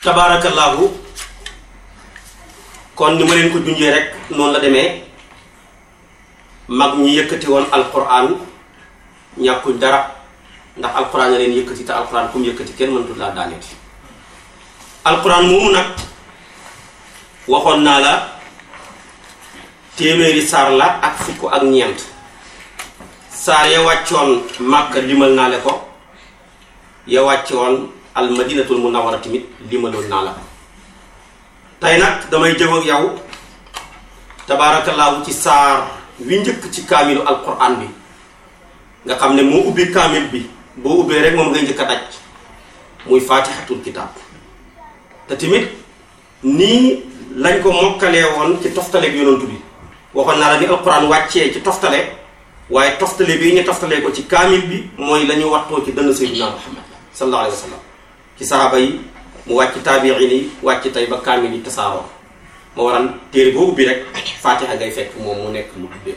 tabaarakallaahu kon ni ma leen ko junjee rek noonu la demee mag ñi yëkkati woon alquran ñàkkuñ dara ndax alquran a leen yëkkati te alquran ku mu yëkkati kenn mënut laa daaneti alquran moomu nag waxoon naa la téeméeri saar la ak fukk ak ñeent saar ya wàccoon màkk limal naa le ko ya wàccoon al madinatul munawwara tamit limaloon naa la ko tey nag damay jëm ak yow tabaarakallaahu ci saar wi njëkk ci kaamilu alquran bi nga xam ne moo ubbi kaamil bi boo ubbee rek moom ngay njëkk a daj muy faatixatul kitaab te tamit nii lañ ko mokkalee woon ci toftaleeg yonantu bi waxoon naa la ni alquran wàccee ci toftale waaye toftale bii ñu toftalee ko ci kaamil bi mooy la ñu ci dënn sayyidina muhammad sallallahu alayhi wa sallam ci saxaaba yi mu wàcc taabiin yi wàcc tey ba kaamil yi tasaaroo ma waral téere boo ubbi rek fatiha ngay fekk moom mu nekk lu duddee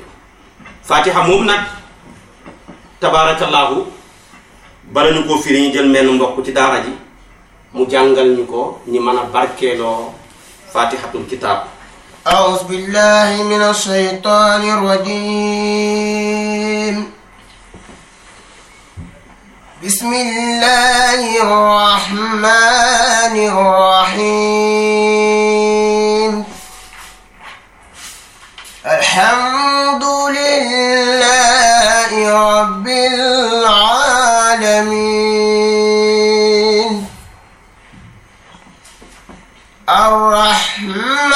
fatiha moom nag tabaarakallaahu bala ñu koo firi ñu jël menn mbokk ci daara ji mu jàngal ñu ko ñi mën a barkeeloo fatihatul kitaab aouzu billahi min alshaytani arrajim بسم الله الرحمن الرحيم الحمد لله رب العالمين الرحمن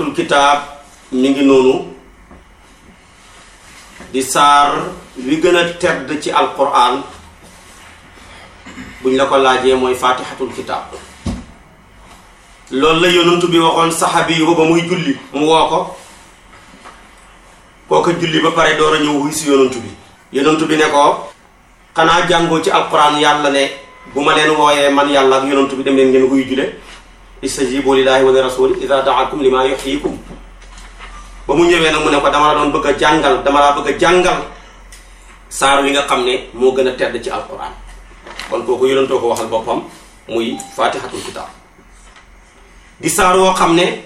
fattul kitaab ngi noonu di saar wi gën a ci alquran buñ la ko laajee mooy fatihatul kitaab loolu la bi waxoon saxaabi yi ba muy julli mu woo ko kooka julli ba pare door a ñëw si yonantu bi yonantu bi ne ko xanaa jàngoo ci alquran yàlla ne bu ma leen wooyee man yàlla ak yonantu bi dem leen ngeen wuy jule istajibu lillahi wa li rasuli ida daakum lima yuxyikum ba mu ñëwee nag mu ne ko dama la doon bëgg a jàngal dama laa bëgg a jàngal saar wi nga xam ne moo gën a tedd ci alquran kon kooku yonentoo ko waxal boppam muy fatihatul kitab di saar woo xam ne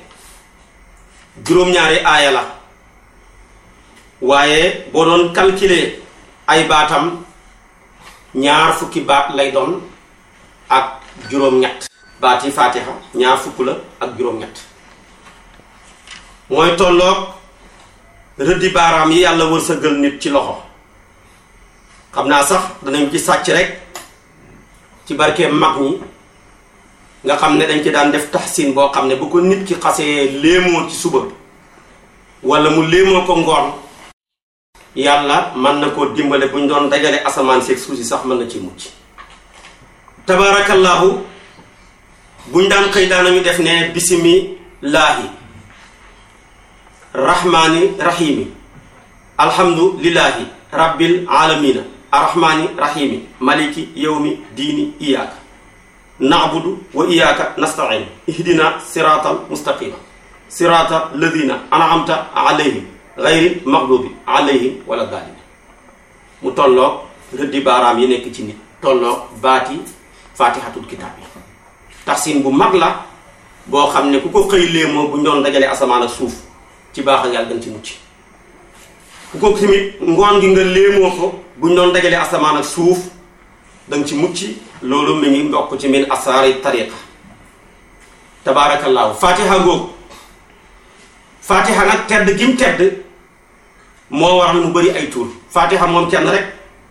juróom-ñaari aaya la waaye boo doon calculer ay baatam ñaar fukki baat lay doon ak juróom-ñett baati faatiha ñaar fukk la ak juróom-ñett mooy tolloog rëddi baaraam yi yàlla wërsëgal nit ci loxo xam naa sax danañ ci sàcc rek ci barkeem mag ñi nga xam ne dañ ci daan def taxsin boo xam ne bu ko nit ki xasee léemoo ci suba wala mu léemoo ko ngoon yàlla mën na koo dimbale bu ñu doon dajale asamaan seeg suuf sax mën na ci mucc tabaarakallaahu bu daan xëy daanañu def ne bismillaahi rahmaani rahimi alhamdulillahi rabbil alamina arrahmaani rahimi maliki yowmi diini iyaaka naabudu wa iyaaka nastain ihdina siratal mustaqima sirata ladina anamta alayhim ghayril maghdubi alayhim wala daalin mu tolloog rëddi baaraam yi nekk ci nit tolloog baati faatihatul kitaab taxsin bu mag la boo xam ne ku ko xëy lee moo bu ndoon dajalee asamaan ak suuf ci baax ak yàlla dañ ci mucc ku ko tamit ngoon gi nga léemoo ko bu ñu doon dajalee asamaan ak suuf danga ci mucc loolu mi ngi mbokk ci min asaari tariqa tabaarakallaahu fatiha googu fatiha nag tedd gim tedd moo waral mu bëri ay tur fatiha moom kenn rek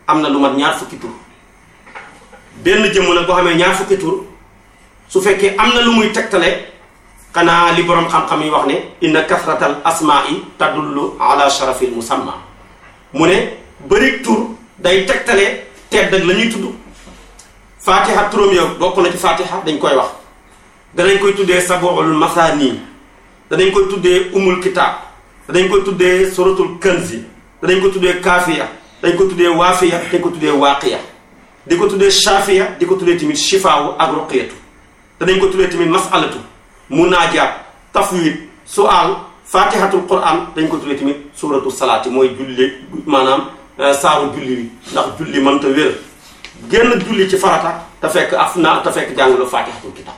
am na lu mat ñaar fukki tur benn jëmm nag boo xamee ñaar fukki tur su fekkee am na lu muy tegtale xanaa li borom xam-xam yi wax ne inna kasratal asmaai tadullu ala sharafil musamma mu ne bëri tur day tegtale tedd ak la ñuy tudd fatiha turam yow bokk na ci fatiha dañ koy wax da danañ koy tuddee sabuul mathani danañ koy tuddee umul kitab danañ koy tuddee suratul kanzi danañ ko tuddee kaafiya dañ ko tuddee waafiya dañ ko tuddee waaqiya di ko tuddee shaafiya di ko tuddee tamit shifaawu ak ruqiyatu danañ ko tuddee tamit masalatu munaajaat tafwid su'aal fatihatul quran dañ ko tuddee tamit suuratu salaati mooy julli maanaam euh, saaru julli bi ndax julli mënta wér génn julli ci farata te fekk af naa te fekk jàngaloo fatihatul kitab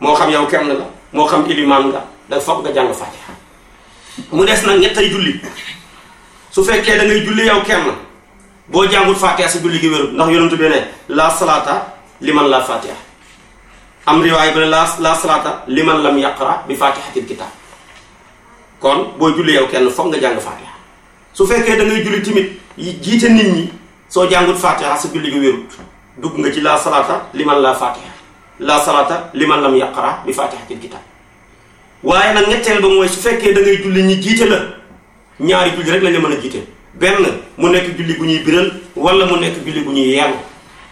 moo xam yow kenn la moo xam ilimaan nga da foog nga jàng fatiha mu des nag ñettay julli su fekkee da ngay julli yow kenn boo jàngul fatiha sa julli gi wérul ndax yonentu bi ne la salaata liman la fatiha am riwaay ba ne laa laa salaata liman lam yaqra bi fatihatil kitab kon boo julli yow kenn foog nga jàng fatiha su fekkee da ngay julli tamit jiite nit ñi soo jàngut fatiha dugg nga ci laa salaata liman laa fatiha laa salaata liman lam yaqra bi fatihatil kitab waaye nag ñetteel ba mooy da ngay julli ñi jiite ñaari julli la nga mën a jiite benn mu nekk julli ñuy wala mu nekk julli gu ñuy yeelu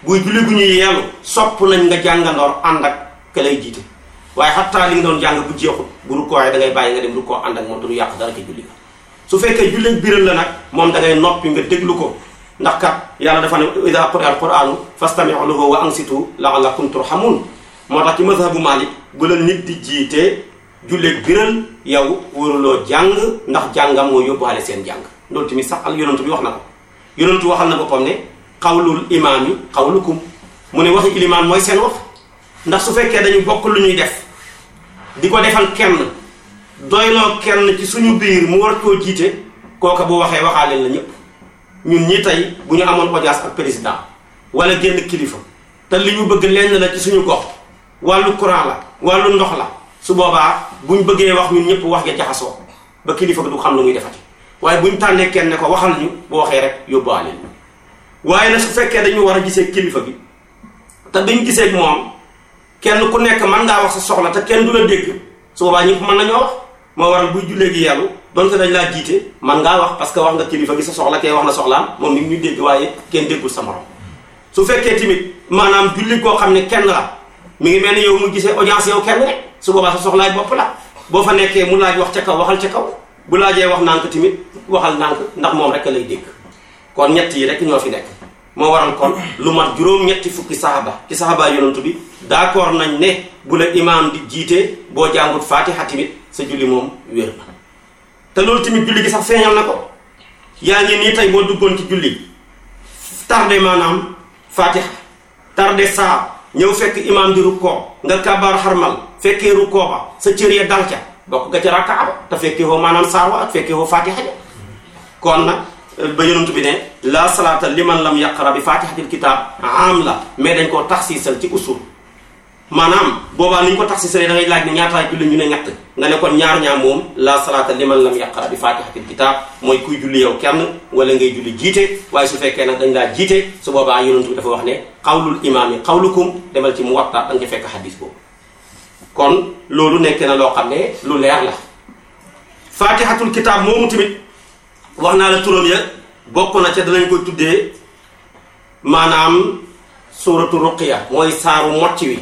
buy sopp nañ nga jàngandoor ànd ak ke lay jiite waaye xattaa li nga doon jàng bu jeexut bu rukkoo da ngay bàyyi nga dem rukkoo ànd ak moom te du yàq dara ci julli ga su fekkee julli biral la nag moom da ngay noppi nga déglu ko ndax kat yàlla dafa ne ida quri'a al-qur'anu fastami'u lahu wa ansitu la'allakum turhamun moo tax ci mazhabu Malik bu la nit di jiitee julleeg biral yow waruloo jàng ndax jàngam moo yóbbuwaale seen jàng loolu tamit sax al yonent bi wax na ko yonent waxal na boppam ne xawlul imaam yi xawlukum mu ne waxi mooy seen wax ndax su fekkee dañu bokk lu ñuy def di ko defal kenn doyloo kenn ci suñu biir mu war koo jiite kooka bu waxee waxaaleen la ñëpp ñun ñi tey bu ñu amoon audience ak président wala génn kilifa te li ñu bëgg lenn la ci suñu gox wàllu courant la wàllu ndox la su boobaa buñ bëggee wax ñun ñëpp wax nga jaxasoo ba kilifa du xam lu muy defati waaye ñu tànnee kenn ne ko waxal ñu bu waxee rek yóbbuwaale ñu waaye nag su fekkee dañu war a gisee kilifa bi te duñ gisee moom kenn ku nekk mën ngaa wax sa soxla te kenn du la dégg su boobaa ñëpp mën nañoo wax moo waral buy jullee gi yàllu donte dañ laa jiite man ngaa wax parce que wax nga kilifa gi sa soxla kay wax na soxlaam moom ni dégg waaye kenn déggul sa su fekkee tamit maanaam julli koo xam ne kenn la mi ngi mel ni yow mu gisee audience kenn su boobaa sa soxlaay bopp la boo fa nekkee mu laaj wax ca kaw waxal ca kaw bu laajee wax nànk tamit waxal nànk ndax moom rek lay dégg kon ñett yi rek ñoo fi nekk moo waral kon lu mat juróom-ñetti fukki saxaba ci saxaba yonantu bi d'accord nañ ne bu la imaam di jiite boo jàngut faatiha tamit sa julli moom wér na te loolu tamit julli gi sax feeñal na ko yaa ngi nii tey boo duggoon ci julli tardé maanaam faatiha tardé saa ñëw fekk imaam di rukkoo nga kabaar xarmal fekkee rukkoo ba sa cër ya dal ca bokk ga ca rakka ba te fekkee hoo maanaam saar wa ak fekkee hoo faatiha ja kon nag ba yonent bi ne la salaata liman lam yaqra bi fatihatil kitab am la mais dañ koo taxsiisal ci usul maanaam boobaa ni ñu ko taxsiisalee da ngay laaj ne ñaataay julli ñu ne ñett nga ne kon ñaar ñaar moom la salaata liman lam yaqra bi fatihatil kitab mooy kuy julli yow kenn wala ngay julli jiite waaye su fekkee nag dañ laa jiite su boobaa yonent bi dafa wax ne xawlul imaami xawlukum demal ci Muwatta da nga fekk xadis boobu kon loolu nekk na loo xam ne lu leer la fatihatul kitab moomu tamit wax naa la turam ya bokk na ca danañ koy tuddee maanaam suuratu ruqiya mooy saaru mocc wi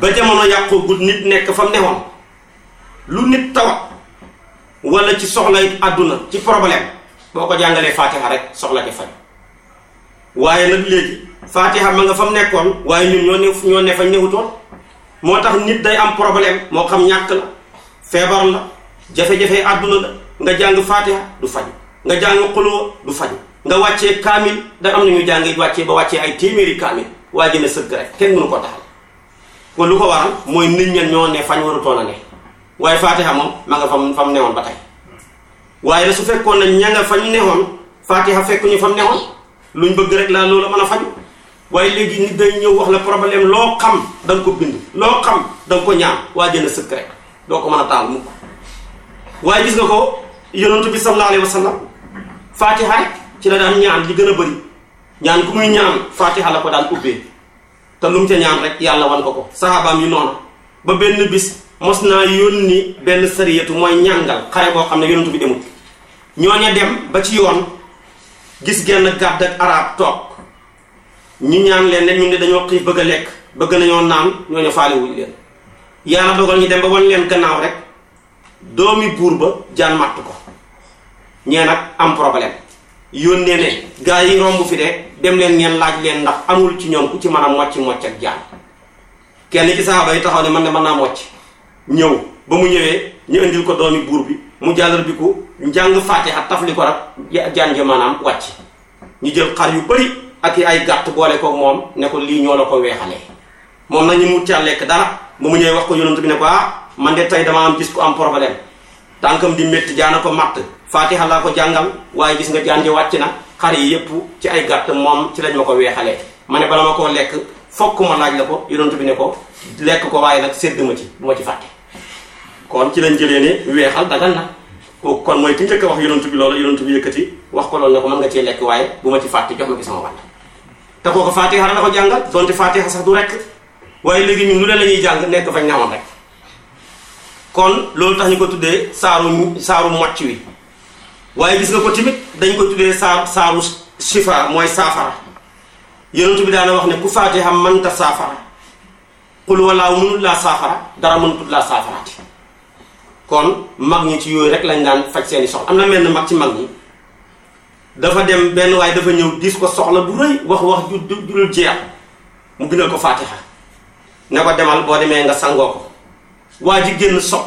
ba jamono yàqoogut nit nekk fa mu newoon lu nit tawat wala ci soxlay àdduna ci problème boo ko jàngalee faatiha rek soxla ci waaye nag léegi faatiha ma nga fa mu nekkoon waaye ñun ñoo ne ñoo ne fañ newutoon moo tax nit day am problème moo xam ñàkk feebar la jafe-jafe àdduna la nga jàng fatiha du faju nga jàng xuloo du faj nga wàccee kaamil da am na ñu jàng wàccee ba wàccee ay téeméeri kaamil waa jëne sëgg rek kenn mënu ko taxal kon ko waral mooy nit ñen ñoo ne fañ warutoon a ne waaye fatiha moom ma nga fam fam newoon ba tey waaye nag su fekkoon na ña nga fañ newoon fatiha fekk ñu fam newoon luñ bëgg rek laa loolu mën a faju waaye léegi nit day ñëw wax la problème loo xam da nga ko bind loo xam da ko ñaan waa jëne sëgg doo ko mën a taal mukk waaye gis nga ko yonent bi sallallahu alayhi wa rek ci la daan ñaan li gën a bëri ñaan ku muy ñaan fatiha la ko daan ubbee te lu mu ca ñaan rek yàlla wan ko ko sahabaam yu noonu ba benn bis mos naa yónni benn sariyatu mooy ñàngal xare boo xam ne yonent bi demut ñooña dem ba ci yoon gis genn gàdd ak arab toog ñu ñaan leen ne ñu de dañoo xiif bëgg a lekk bëgg nañoo naan ñooñu faale wuñ leen yàlla dogal ñu dem ba wan leen gannaaw rek doomi buur ba jaan matt ko ñeen nag am problème yónnee ne gaa yi romb fi de dem leen ngeen laaj leen ndax amul ci ñoom ku ci mën a mocc mocc ak jaan kenn ci saxaaba yi taxaw ne man naa mocc ñëw ba mu ñëwee ñu indil ko doomi buur bi mu jàllar bi ko njàng faatiha tafli ko rek jaan ja maanaam wàcc ñu jël xar yu bari ak ay gàtt boole ko moom ne ko lii ñoo la ko weexalee moom nag ñu mucc a lekk dara ba mu ñëwee wax ko yonent bi ne ko ah man de tey dama am gis ku am problème tànkam di métti jaana ko matt faatiha laa ko jàngal waaye gis nga jaan ji wàcc na xar yi yëpp ci ay gàtt moom ci lañ ma ko weexalee ma ne bala ma koo lekk fokk ma laaj la ko yonent bi ne ko lekk ko waaye nag sédd ma ci bu ma ci fàtte kon ci lañ jëlee ne weexal dagal na kooku kon mooy ci njëkk a wax yonent bi loolu yonent bi yëkkati wax ko loolu ne ko mën nga cee lekk waaye bu ma ci fàtte jox ma ci sama wàll te kooku faatiha la ko jàngal donte faatiha sax du lu leen la ñuy jàng nekk fañ nawoon rek kon loolu tax ñu ko tuddee saaru saaru mocc wi waaye gis nga ko tamit dañ ko tuddee saar saaru shifa mooy saafara yonentu bi daana wax ne ku faatiha mënta saafara xul walaaw mënut laa saafara dara mënut laa saafaraati kon mag ñi ci yooyu rek lañ daan faj seeni soxla am na mel ni mag ci mag ñi dafa dem benn waaye dafa ñëw diis ko soxla bu rëy wax wax ju dul jeex mu bindal ko faatiha ne ko demal boo demee nga sangoo ko waa ji génn sob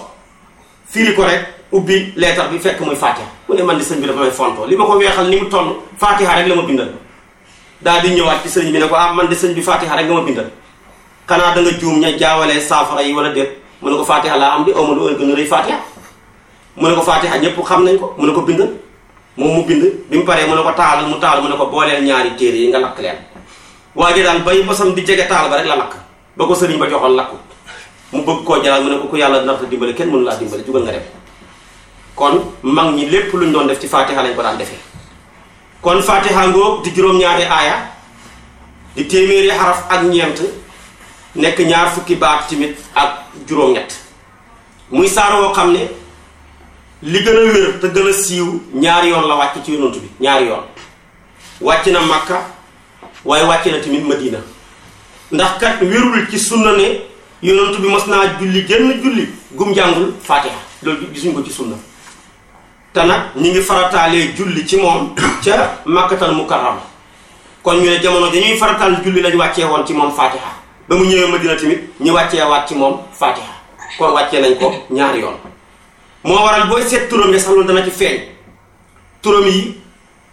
firi ko rek ubbi leetar bi fekk muy fatiha mu ne man di sëñ bi dafa may fontoo li ma ko weexal ni mu toll fatiha rek la ma bindal daal di ñëwaat ci sëñ bi ne ko ah man di sëñ bi fatiha rek nga ma bindal xanaa da nga juum ña jaawalee saafara yi wala déet mu ne ko fatiha laa am bi aw ma lu gën a rëy fatiha mu ne ko fatiha ñëpp xam nañ ko mu ne ko bindal moom mu bind bi mu paree mu ne ko taal mu taal mu ne ko booleel ñaari téere yi nga lakk leen waa ji daal bay bosam di jege taal ba rek la lakk ba ko sëriñ ba joxoon lakku mu bëgg koo jaral mu ne ko ku yàlla dina la dimbale kenn mënu laa dimbale jugal nga dem kon mag ñi lépp luñ doon def ci fatiha lañ ko daan defee kon fatiha ngoog di juróom-ñaari aaya di téeméeri xaraf ak ñeent nekk ñaar fukki baat timit ak juróom-ñett muy saar woo xam ne li gën a wér te gën a siiw ñaari yoon la wàcc ci yonent bi ñaari yoon wàcc na Makka waaye wàcc na tamit Madina ndax kat wérul ci sunna ne yonent bi mas naa julli génn julli gum jàngul fatiha loolu gisuñ ko ci sunna te nag ñu ngi farataalee julli ci moom ca màkkatal mukarram kon ñu ne jamono dañuy farataal julli lañ wàccee woon ci moom fatiha ba mu ñëwee madina tamit ñu wàccee waat ci moom fatiha kon wàccee nañ ko ñaari yoon moo waral booy seet turam yi sax loolu dana ci feeñ turam yi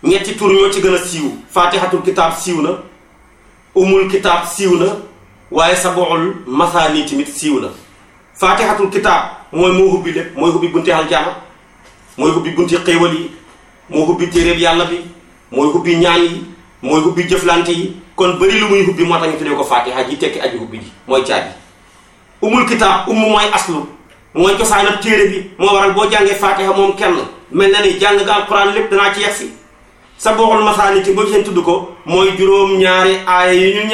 ñetti tur ñoo ci gën a siiw fatihatul kitaab siiw na umul kitaab siiw na waaye sa sab'ul masaani tamit siiw la faatihatul kitaab mooy moo hubbi lépp mooy hubbi bunti aljaana mooy hubbi bunti xéewal yi moo hubbi téeréeb yàlla bi mooy hubbi ñaan yi mooy hubbi jëflante yi kon bëri lu muy hubbi moo tax ñu tuddee ko faatiha ji tekki aji hubbi ji mooy caabi umul kitaab umu mooy aslu mooy cosaanab téere bi moo waral boo jàngee faatiha moom kenn mel na ni jàng nga alquran lépp danaa ci yegsi sa boxul masaani ci boo seen tudd ko mooy yi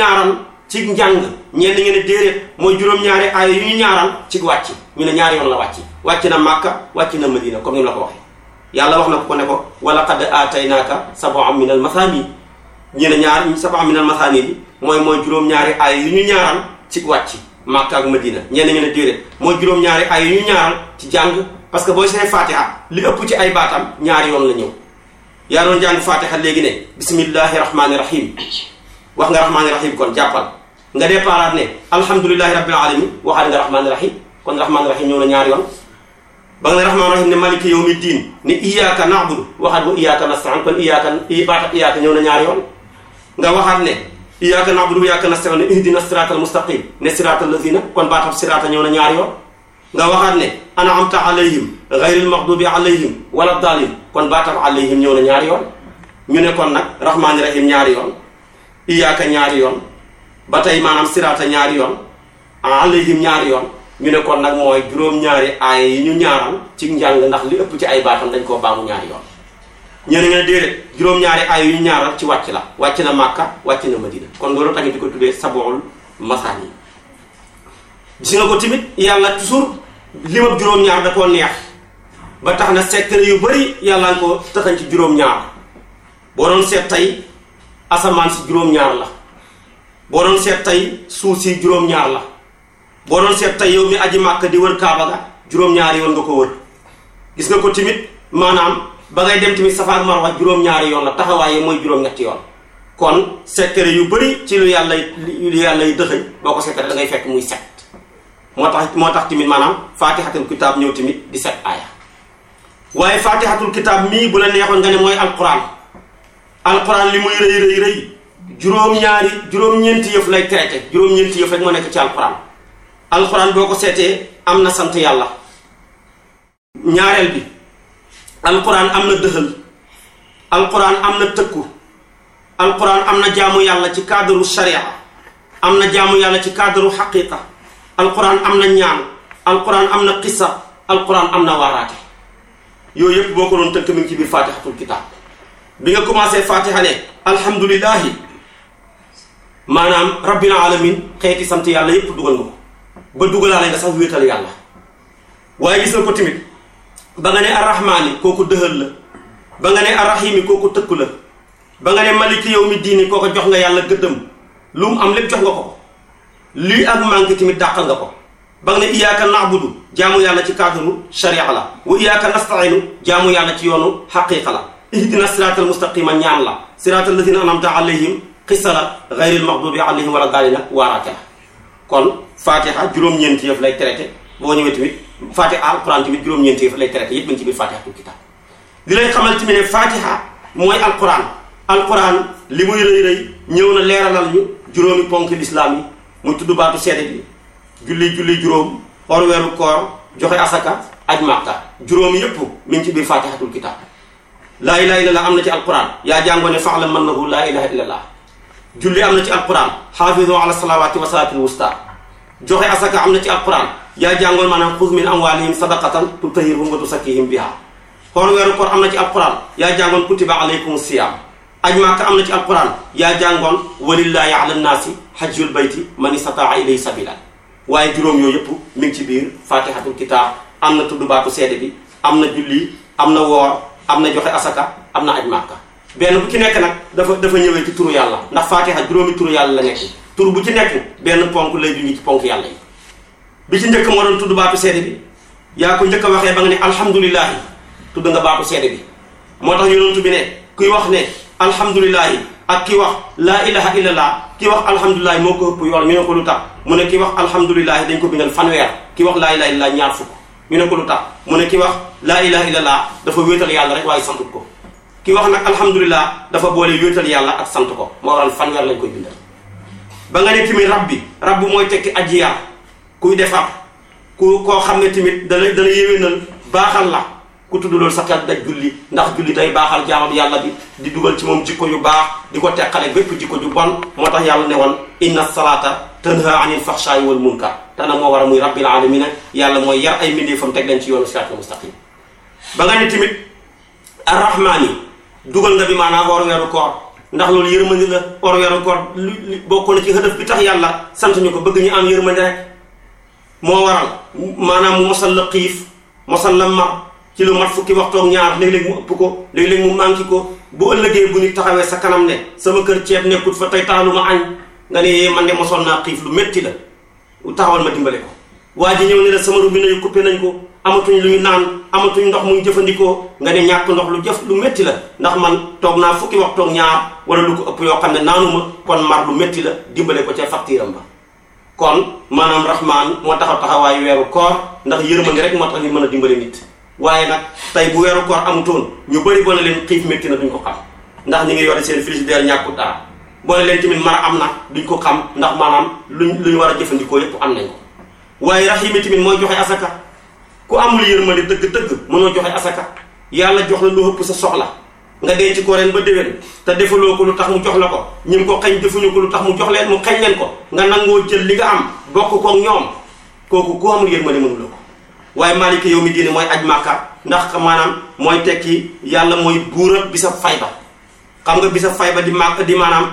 ci njàng ñenn ngeen ne déedéet mooy juróom-ñaari aaya yu ñu ñaaral ci wàcc ñu ne ñaari yoon la wàcc wàcc na Màkka wàcc na Madina comme ni la ko yàlla wax na ko ne ko wa laqad aataynaaka sab'an minal masaani ñu ne ñaar sab'an minal masaani bi mooy mooy juróom-ñaari aaya yu ñu ñaaral ci wàcc Màkka ak Madina ñenn ngeen ne déedéet mooy juróom-ñaari aaya yu ñu ñaaral ci jàng parce que boo see Fatiha li ëpp ci ay baatam ñaari yoon la ñëw yaa doon jàng Fatiha léegi ne bismillahi rahmaani rahim wax nga rahmaani rahim kon jàppal nga déparaat ne alhamdulilahi rabbil alamin waxaat nga rahmaani rahim kon rahmaani rahim ñëw na ñaari yoon ba nga ne rahmaani rahim ne maliki yawmi diin ne iyyaka na'budu waxaat wa iyyaka nasta'in kon iyyaka baata iyyaka ñëw na ñaari yoon nga waxaat ne iyyaka na wa iyyaka nasta'in ne ihdina siratal mustaqim ne siratal lazina kon baatam sirata ñëw na ñaari yoon nga waxaat ne an'amta alayhim ghayril maghdubi alayhim wala daalin kon baatam alayhim ñëw na ñaari yoon ñu ne kon nag rahmaani rahim ñaari yoon iyaaka ñaari yoon ba tey maanaam siraata ñaari yoon alayhim ñaari yoon ñu ne kon nag mooy juróom-ñaari aaya yi ñu ñaaral ci njàng ndax li ëpp ci ay baatam dañ koo baamu ñaari yoon ñeneen nga ne déedéet juróom-ñaari aaya yu ñu ñaaral ci wàcc la wàcc na Màkka wàcc na Madina kon loolu tamit di ko tuddee sabool masaan yi gis nga ko tamit yàlla toujours limab juróom-ñaar da koo neex ba tax na secret yu bari yàlla nga ko taxañ ci juróom-ñaar boo doon seet tey asamaan si juróom-ñaar la boo doon seet tey suuf si juróom-ñaar la boo doon seet tey yow mi aji màkk di wër kaaba ga juróom-ñaari yoon nga ko wër gis nga ko tamit maanaam ba ngay tamit safa ak juróom-ñaari yoon la taxawaay mooy juróom-ñetti yoon kon secret yu bëri ci yàlla lu yàlla yi dëxëñ boo ko seetee muy set moo tax moo tax tamit maanaam faatixatul kitaab ñëw tamit di set aaya waaye faatixatul kitaab mii bu la neexoon nga ne mooy alquran alxuraan li muy rëy rëy rëy juróom-ñaari juróom-ñeenti yëf lay traité juróom-ñeenti yëf rek moo nekk ci alxuraan alxuraan boo ko seetee am na sant yàlla ñaareel bi alxuraan am na dëxal alxuraan am na tëkku alxuraan am na jaamu yàlla ci cadre sharia am na jaamu yàlla ci cadre xaqiqa alxuraan am na ñaan alxuraan am na qissa alxuraan am na waaraate yooyu yëpp boo ko doon tënk mi ngi ci biir faatixatul kitaab bi nga commencé fatiha ne alhamdulilahi maanaam rabbil alamin xeeti sant yàlla yépp dugal nga ko ba dugalaale nga sax wéetal yàlla waaye gis na ko tamit ba nga ne arrahmaani kooku dëhël la ba nga ne arrahimi kooku tëkku la ba nga ne maliki yow mi diini kooku jox nga yàlla gëddëm lu mu am lépp jox nga ko lii ak manque tamit dàqal nga ko ba nga ne iyaaka naabudu jaamu yàlla ci cadre sharia la wa iyaaka nastainu jaamu yàlla ci yoonu xaqiiqa la ihdina siraatal mustaqima ñaan la siraatal lazina anamta alayhim xissa la gayril maxdubi alayhim wala daalina waaraate la kon fatiha juróom-ñeenti yëf lay traité boo ñëwee tamit fatiha alquran tamit juróom-ñeenti yëf lay traité yépp ñu ci biir fatiha tul kitab di lay xamal tamit ne fatiha mooy alquran alquran li muy rëy rëy ñëw na leeralal ñu juróomi ponk lislaam yi muy tuddubaatu baatu bi julli julli juróom or weeru koor joxe asaka aj màkka juróom yépp mi ngi ci biir fatihatul kitab laa ilaha illallah am na ci alquran yaa jàngoo ne faxla mën nahu laa ilaha illallah julli am na ci alquran xaafizu ala salawaati wa salaatil wusta joxe asaka am na ci alquran yaa jàngoon maanaam xuz min amwalihim sadaqatan tutahhiruhum wa tusakkihim biha xool weeru koor am na ci alquran yaa jàngoon kutiba alaykum siyam aj maaka am na ci alquran yaa jàngoon walillahi ala nnaasi hajjul bayti man istataa ilay sabila waaye juróom yooyu yëpp mi ngi ci biir fatihatul kitaab am na tudd baatu seede bi am na julli am na woor am na joxe asaka am na aj màkka benn bu ci nekk nag dafa dafa ñëwee ci turu yàlla ndax faatiha juróomi tur yàlla la nekk tur bu ci nekk benn ponk lay junj ci ponk yàlla yi bi ci njëkk moo doon tudd baatu bi yaa ko njëkk waxee ba nga ne alhamdulilahi tudd nga baatu seede bi moo tax yonentu bi ne kuy wax ne alhamdulilahi ak ki wax laa ilaha illallah ki wax alhamdulilahi moo ko ëpp yoon ñu ne ko lu tax mu ne ki wax alhamdulilahi dañ ko bindal fanweer ki wax laa ilaha illallah ñaar fukk ñu ne ko lu tax mu ne ki wax laa ilaha illallah dafa wéetal yàlla rek waaye santut ko ki wax nag alhamdulilah dafa boole wéetal yàlla ak sant ko moo fan fanweer lañ koy bindal. ba nga ne tamit rab bi rab bi mooy tekki ajiyaar kuy defar ku koo xam ne tamit dana dana yéwénal baaxal la ku tudd loolu sa xel daj julli ndax julli day baaxal jaamam yàlla bi di dugal ci moom jikko yu baax di ko teqale bépp jikko yu bon moo tax yàlla ne woon inna salaata tanha anil faxshaayi wal munkar tana moo war a muy rabbil alamina yàlla mooy yar ay mbindeefam teg leen ci yoonu siraatal mustaqim ba nga ne tamit arrahmaani dugal nga bi maanaam woor weeru koor ndax loolu yërmande la woor weeru koor boo bokk na ci xëdëf bi tax yàlla sant ñu ko bëgg ñu am yërmande rek moo waral maanaam mu mosal la xiif mosal la mar ci lu mat fukki waxtoog ñaar léeg-léeg mu ëpp ko léeg mu manqué ko bu ëllëgee bu ñu taxawee sa kanam sama kër ceeb nekkut fa tey taxalu ma nga ne man de mosoon naa xiif lu métti la taxawal ma dimbale ko waa ji ñëw ne la sama robinet yu coupé nañ ko amatuñ lu ñu naan amatuñ ndox mu jëfandikoo nga ne ñàkk ndox lu jëf lu métti la ndax man toog naa fukki wax toog ñaar wala lu ko ëpp yoo xam ne naanu ma kon mar lu metti la dimbale ko ca facturam ba kon maanaam rahmaan moo taxaw taxawaayu weeru koor ndax yërmande rek moo tax ñu mën a dimbale nit waaye nag tey bu weeru koor amutoon ñu bëri ba ne leen xiif métti na ndax ñu ngi yore seen frigidaire ñàkku dara boole leen tamit mar am na duñ ko xam ndax maanaam luñ luñ war a jëfandikoo yépp am nañ ko waaye raxiima tamit mooy joxe asaka ku amul yërmande dëgg-dëgg mënoo joxe asaka yàlla jox la lu ëpp sa soxla nga denc ko ren ba déwén te defaloo ko lu tax mu jox la ko ñim ko xañ defuñu ko lu tax mu jox leen mu xañ leen ko nga nangoo jël li nga am bokk ko ak ñoom kooku ku amul yërmande mënuloo ko waaye maalika yow mi diine mooy aj màkka ndax maanaam mooy tekki yàlla mooy buural bi sa fay xam nga bisa fay ba di ma di maanaam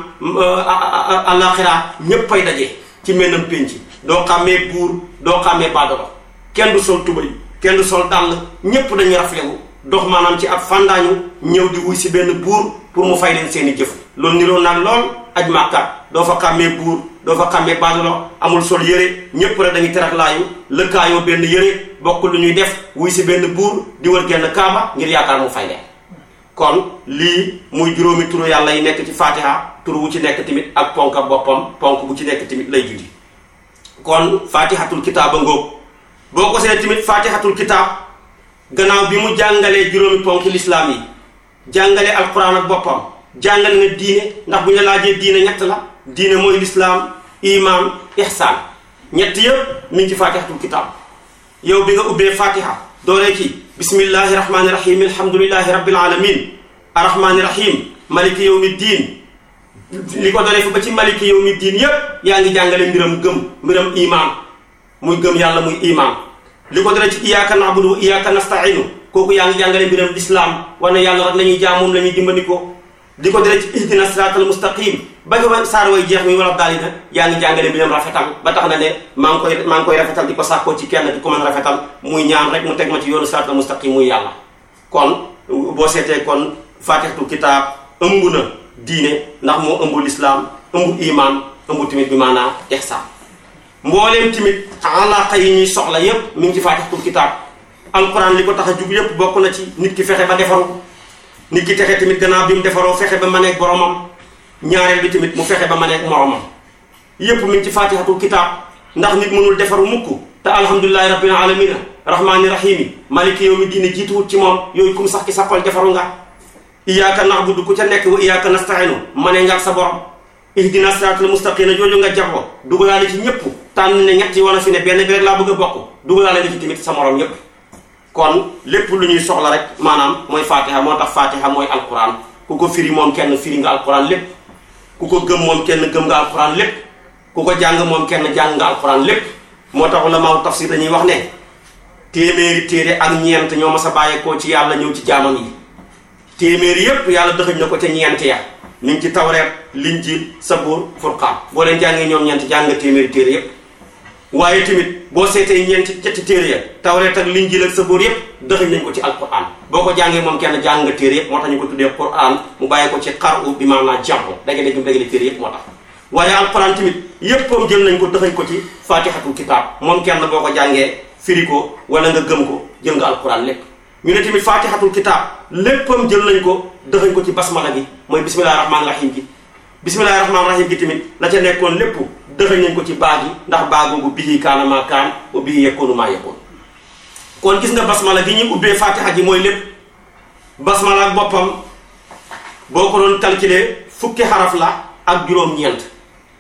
àllaaxira euh, ñépp ay daje ci mennam pénc doo xàmmee buur doo xàmmee baadolo kenn du sol tubay kenn du sol dàll ñépp dañuy raflewu dox maanaam ci ab fàndaañu ñëw di wuy si benn buur pour mu fay leen seeni jëf loolu niroo nag lool aj màkka doo fa xàmmee buur doo fa xàmmee baadolo amul sol yëre ñépp rek dañuy teraxlaayu lëkkaayoo benn yëre bokk lu ñuy def wuy si benn buur di wër genn kaaba ngir yaakaar mu fay kon lii muy juróomi turu yàlla yi nekk ci fatiha turu wu ci nekk tamit ak ponk ak boppam ponk bu ci nekk tamit lay junji kon fatihatul kitaab a ngóob boo ko see tamit fatihatul kitaab gannaaw bi mu jàngalee juróomi ponk lislaam yi jàngale alquran ak boppam jàngale na diine ndax bu ñu laajee diine ñett la diine mooy lislaam iman ihsaan ñett yëpp mi ngi ci fatihatul kitaab yow bi nga ubbee fatiha doolee ci bismillahi rahmaani rahim alhamdulilahi rabbil alamin arrahmaani rahim maliki yawmi diin li ko dolee ba ci maliki yawmi diin yépp yaa ngi jàngale mbiram gëm mbiram imaam muy gëm yàlla muy imaam li ko dolee ci iyaaka naabudu iyaaka nastainu kooku yaa ngi jàngale mbiram lislaam war yàlla rek la ñuy jaam moom la ñuy di ko dere ci ihdina siraatal mustaqim ba ko saar way jeex mi wala daal yi nag yaa ngi jàngale rafetal ba tax na ne maa koy maa ngi koy rafetal di ko sàkkoo ci kenn di ko mën rafetal muy ñaan rek mu teg ma ci yoonu siraatal mustaqim muy yàlla kon boo seetee kon fatixatu kitaab ëmb na diine ndax moo ëmb lislaam ëmb iman ëmb tamit bi maanaa ihsaan mbooleem tamit alaqa yi ñuy soxla yépp mu ngi ci fatixatu kitaab alquran li ko tax a jug yépp bokk ci nit ki fexe ba defaru nit ki texe tamit gannaaw bi mu defaroo fexe ba a maneeg boromam ñaareel bi tamit mu fexe ba maneeg moromam yépp mi ngi ci faatixatul kitaab ndax nit mënul defaru mukk te alhamdulilahi rabbil alamina rahmaani rahimi maliki yow mi diine jiituwut ci moom yooyu kum sax ki sappal defaru nga iyaaka na'budu ku ca nekk wa iyaaka nasta'inu mane nga sa borom ihdina siraatal mustaqima jooju nga jaxoo dugalaale ci ñëpp tànn ne ñett yi wala fi ne benn bi rek nga ci tamit sa morom ñëpp kon lépp lu ñuy soxla rek maanaam mooy fatiha moo tax fatiha mooy alquran ku ko firi moom kenn firi nga alquran lépp ku ko gëm moom kenn gëm nga alquran lépp ku ko jàng moom kenn jàng nga alquran lépp moo tax ulamaaw tafsir dañuy wax ne téeméeri téere ak ñeent ñoo ma sa bàyyeekoo ci yàlla ñëw ci jaamam yi téeméeri yépp yàlla dëxëñ na ko ca ñeent ya ni ngi ci tawreet liñ ci sabur furqaan boo leen jàngee ñoom ñeent jàng nga téeméeri téere yépp waaye tamit boo seetee ñeenti ñetti téere ya tawreet ak linjiil ak sabóor yépp dëxëñ nañ ko ci alquran boo ko jàngee moom kenn jàng nga téere yépp moo tax ko tuddee quran mu bàyyi ko ci xar u bi maanaam jàmbo dagale ñu dagale téere yépp moo tax waaye alquran tamit yéppam jël nañ ko dëxëñ ko ci fatihatul kitab moom kenn boo ko jàngee firi ko wala nga gëm ko jël nga alquran lépp ñu ne tamit fatihatul kitab léppam jël nañ ko dëxëñ ko ci basmala bi mooy bismillahi rahmaani rahim gi bismillahi rahmaani rahim gi tamit la ca nekkoon lépp dëxëñ nañ ko ci baag yi ndax baagoogu bii kaana maa kaan wa bihi yakunu maa yakun kon gis nga basmala gi ñu ubbee fatiha ji mooy lépp basmala ak boppam boo ko doon calculer fukki xaraf la ak juróom-ñeent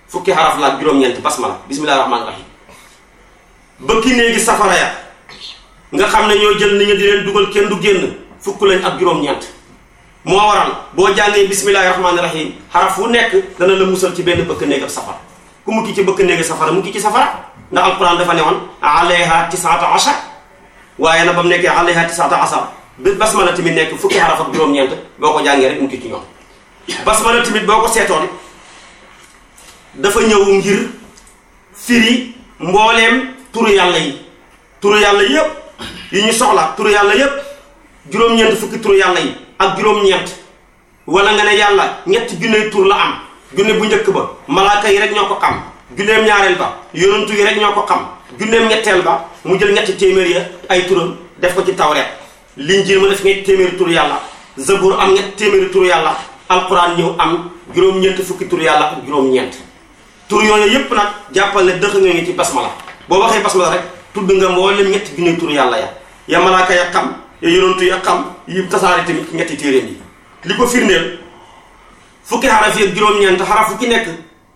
fukki xaraf la ak juróom-ñeent basmala bismillahi rahmaani rahim bëkki néegi safara ya nga xam ne ñoo jël ni ñu di leen dugal kenn du génn fukk lañ ak juróom-ñeent moo waral boo jàngee bismillahi rahmaani rahim xaraf wu nekk dana la musal ci benn bëkk néeg ak safara ku mukki ci bëkk néegi safara mukki ci safara ndax alquran dafa ne woon alayha tisaata ashar waaye na ba mu nekkee alayha tisaata ashar bi basmala tamit nekk fukki xaraf ak juróom-ñeent boo ko jàngee rek mukki ci ñoom basmala tamit boo ko seetoon dafa ñëw ngir firi mbooleem turu yàlla yi turu yàlla yëpp yu ñu soxla tur yàlla yëpp juróom-ñeent fukki turu yàlla yi ak juróom-ñeent wala nga ne yàlla ñetti junni tur la am junne bu njëkk ba malaaka yi rek ñoo ko xam junneem ñaareel ba yonantu yi rek ñoo ko xam junneem ñetteel ba mu jël ñetti téeméer ya ay turam def ko ci tawreet linjiil ma def ñetti téeméeri tur yàlla zabur am ñetti téeméeri tur yàlla alquran ñëw am juróom-ñeent fukki tur yàlla juróom-ñeent tur yooyu yépp nag jàppal ne dëkk ngi ci basmala boo waxee basmala rek tudd nga mboolem ñetti junne tur yàlla ya ya malaaka ya xam ya yonantu ya xam yi tasaare tamit ñetti téeréem yi li ko firndeel fukki xaraf yi ak juróom-ñeent xarafu ci nekk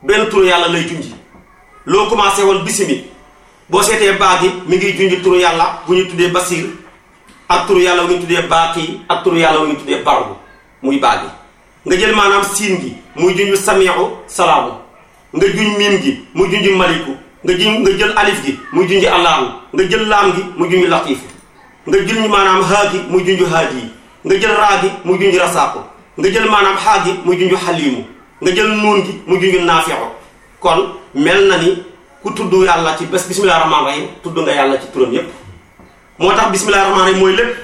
benn turu yàlla lay junj loo commencé woon bisimi boo seetee baa gi mi ngi junj turu yàlla bu ñu tuddee basiir ak turu yàlla bu ñu tuddee baaqi ak turu yàlla bu ñu tuddee barbu muy baa gi nga jël maanaam siin gi muy junj samiixu salaamu nga junj miim gi muy junj maliku nga junj nga jël alif gi muy junj allahu nga jël laam gi mu junj latiif nga jël maanaam haa gi mu junj haadi nga jël raa gi muy junj rasaaku nga jël maanaam xaa gi mu junj xaliimu nga jël nuun gi mu junj naafixu kon mel na ni ku tudd yàlla ci bés bisimilah rahmaani rahim tudd nga yàlla ci turam yépp moo tax bisimilah rahmaani rahim mooy lépp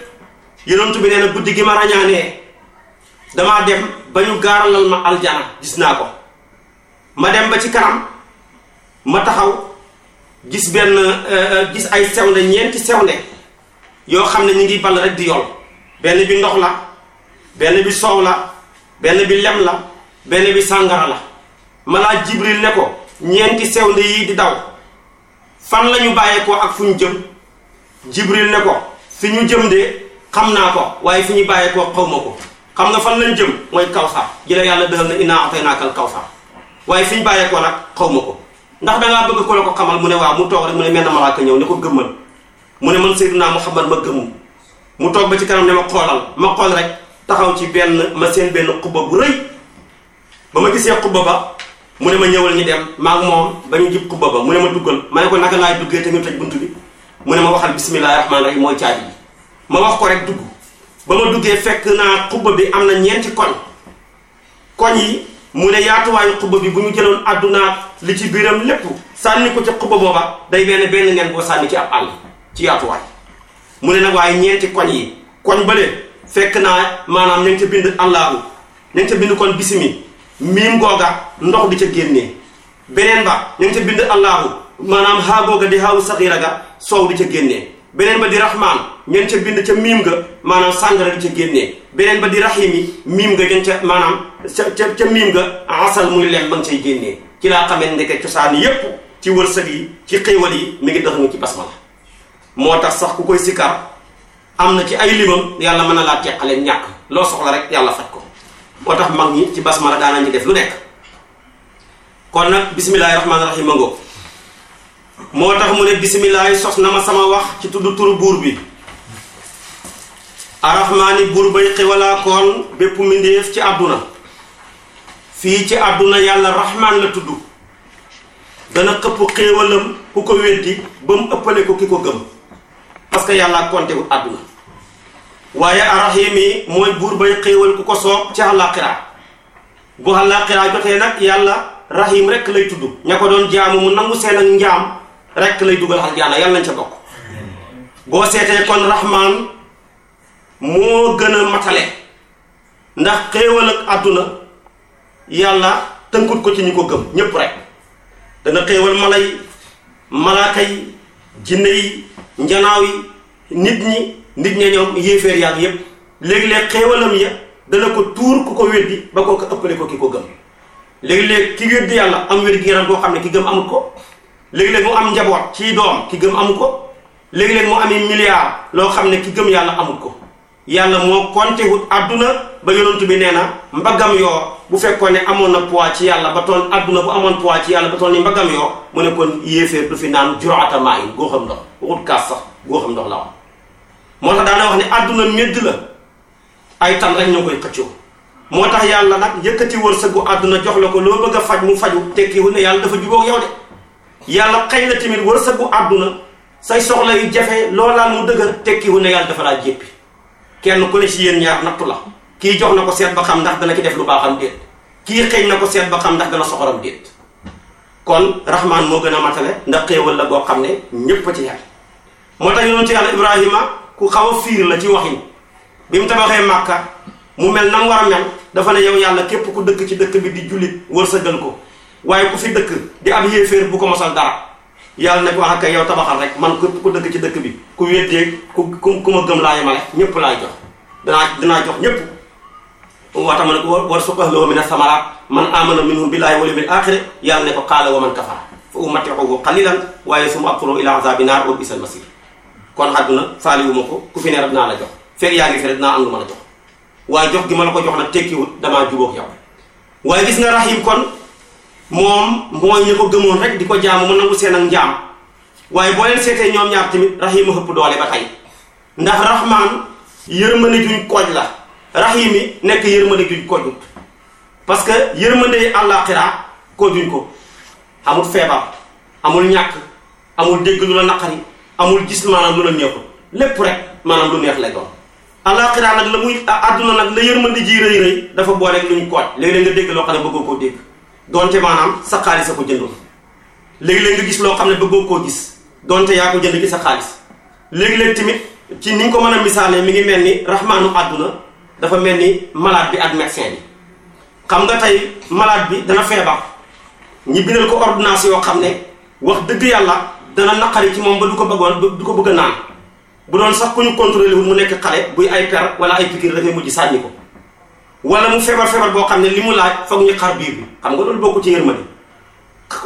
yonent bi nee na guddi gi ma rañaanee damaa dem ba ñu gaaralal ma aljana gis naa ko ma dem ba ci kanam ma taxaw gis benn euh, euh, gis ay sewnde ñeenti sewnde yoo xam ne ñu ngi ball rek di yool benn bi ndox la benn bi soow la benn bi lem la benn bi sàngara la malaaj jibril ne ko ñeenti sewnde yii di daw fan lañu bàyyeekoo ak fu ñu jëm jibril ne ko fi ñu jëm de xam naa ko waaye fi ñu bàyyeekoo xaw ma ko xam nga fan lañ jëm mooy kawsar ji la yàlla dëxal na inaa kaw kawsar waaye fu ñu bàyyeekoo nag xaw ma ko ndax dangaa bëgg ko la ko xamal mu ne waa mu toog rek mu ne menn malaaka ñëw ne ko gëmmal mu ne man Seydina Muhammad ma gëmum mu toog ba ci kanam ne ma xoolal ma xool rek taxaw ci benn ma seen benn xubba bu rëy ba ma gisee xubba ba mu ne ma ñëwal ñu dem maag moom ba ñu jib xubba ba mu ne ma duggal ma ne ko naka laay duggee te ñu tëj bunt bi mu ne ma waxal bisimilah rahmaani rahim mooy caabi bi ma wax ko rek dugg ba ma duggee fekk naa xubba bi am na ñeenti koñ koñ yi mu ne yaatuwaayu xubba bi bu ñu jëloon àdduna li ci biiram lépp sànni ko ci xubba booba day benn benn ngeen boo sànni ci ab àll ci yaatuwaay mu ne nag waaye ñeenti yi koñ fekk naa maanaam ña ngi ca bind allahu ña ca bind kon bisimi miim googa ndox di ca génne beneen ba ña ngi ca bind allahu maanaam haa googa di haawu saxiira ga soow di ca génnee beneen ba di rahmaan ña ca bind ca miim ga maanaam sàngara di ca génnee beneen ba di rahimi miim ga ña ca maanaam ca ca ca miim ga asal muy lem ba nga cay génnee ci laa xamee ndeke cosaan yépp ci wërsëg yi ci xéewal yi mi ngi dox nga ci basmala moo tax sax ku koy am na ci ay limam yàlla mën na laa teqale ñàkk loo soxla rek yàlla faj ko moo tax mag ñi ci basmala daana ñi def lu nekk kon nag bisimilahi rahmaani rahim angoo moo tax mu ne bisimilahi sos na ma sama wax ci tudd turu buur bi arahmaani buur bay xiwalaa koon bépp mindéef ci àdduna fii ci àdduna yàlla rahmaan la tudd dana xëpp xéewalam ku ko weddi ba mu ko ki ko gëm parce que yàlla compté wut àdduna waaye arahim yi mooy buur bay xéewal ku ko soob ci àllaaxira bu àllaaxira jotee nag yàlla rahim rek lay tudd ña ko doon jaamu mu nangu seen ak njaam rek lay dugal aljaana yàlla nañ ca bokk boo seetee kon rahman moo gën a matale ndax xéewal ak àdduna yàlla tënkut ko ci ñu ko gëm ñépp rek dana xéewal mala yi malaaka yi jinne yi njanaaw yi nit ñi nit ña ñoom yéeféer yaag yépp léegi-léeg xéewalam ya dana ko tuur ku ko weddi ba koo ko ëppale ko ki ko gëm léegi-léeg ki weddi yàlla am wér gi yaram boo xam ne ki gëm amut ko léegi-léeg mu am njaboot ci doom ki gëm amu ko léegi-léeg mu amee milliard loo xam ne ki gëm yàlla amut ko yàlla moo konte wut àdduna ba yonantu bi nee na mbaggam yoo bu fekkoon ne amoon na poids ci yàlla ba toll àdduna bu amoon poids ci yàlla ba toll ni mbaggam yoo mu ne kon yéeféer du fi naan juróata maa in goo xam ndox waxut kaas sax goo xam ndox la wax moo tax daana wax ne àdduna médd la ay tan rek ñoo koy xëccoo moo tax yàlla nag yëkkati wërsëgu àdduna jox la ko loo bëgg faj mu faju tekkiwul ne yàlla dafa jubóog yow de yàlla xëy na tamit wërsëgu àdduna say soxla yu jafe loolaal mu dëgër tekkiwul ne yàlla dafa laa kenn ku ne ci yéen ñaar nattu la kii jox na ko seet ba xam ndax dana ci def lu baaxam déet kii xëy na ko seet ba xam ndax dana soxoram déet kon rahmaan moo gën a matale ndax xéewal la boo xam ne ñépp a ci yàlla moo tax yonent yàlla ibrahima ku xaw a fiir la ci waxin bi mu tabaxee màkka mu mel nam war a mel dafa ne yow yàlla képp ku dëkk ci dëkk bi di jullit sa wërsëgal ko waaye ku fi dëkk di ab yéeféer bu ko mosal dara yàlla ne ko wax ah ak yow tabaxal rek man ku ku dëkk ci dëkk bi ku wéttee ku ku ku ma gëm laa yemale ñëpp laay jox danaa jox ñëpp wata man war su ahloo min samaraat man amana minhum billaahi wal yawmil aaxiri yàlla ne ko qaala wa man kafara fa umatti'uhu qalilan waaye suma abturu ila azaabi naar wa bisal masir kon àdduna faaliwuma ko ku fi ne rek dinaa la jox fekk yaa ngi fi rek dinaa am lu ma jox gi ma la ko jox na tekkiwul damaa jubóog yow waaye gis nga rahim kon moom mooy ñi ko gëmoon rek di ko jaamu mu nangu seen ak njaam waaye boo leen seetee ñoom ñaar tamit raxiima xëpp doole ba tey ndax rahmaan yërmande juñ kooj la raxiim yi nekk yërmande juñ koojut parce que yërmande yi àllaaxira koojuñ ko amul feebar amul ñàkk amul dégg lu la naqari amul gis maanaam lu la ñëw lépp rek maanaam lu neex lay doon àllaaxira nag la muy àdduna nag la yërmande ji rëy rëy dafa booleeg luñ kooj léegi nga dégg loo xam ne bëggoo koo dégg donte maanaam sa xaalis a ko jëndoon léegi-léeg nga gis loo xam ne bëggoo koo gis donte yaa ko jënd ci sa xaalis léegi-léeg tamit ci ni ko mën a misaalee mi ngi mel ni rahmaanu àdduna dafa mel ni malaat bi ak médecin bi xam nga tey malaat bi dana feebar ñi bindal ko ordonnance yoo xam ne wax dëgg yàlla dana naqari ci moom ba du ko bëggoon du ko bëgg naan bu doon sax ku ñu contrôlé mu nekk xale buy ay per wala ay pikir dafay mujj sàññi ko wala mu feebar feebar boo xam ne li mu laaj foog ñu xar biir bi xam nga loolu bokku ci yërmande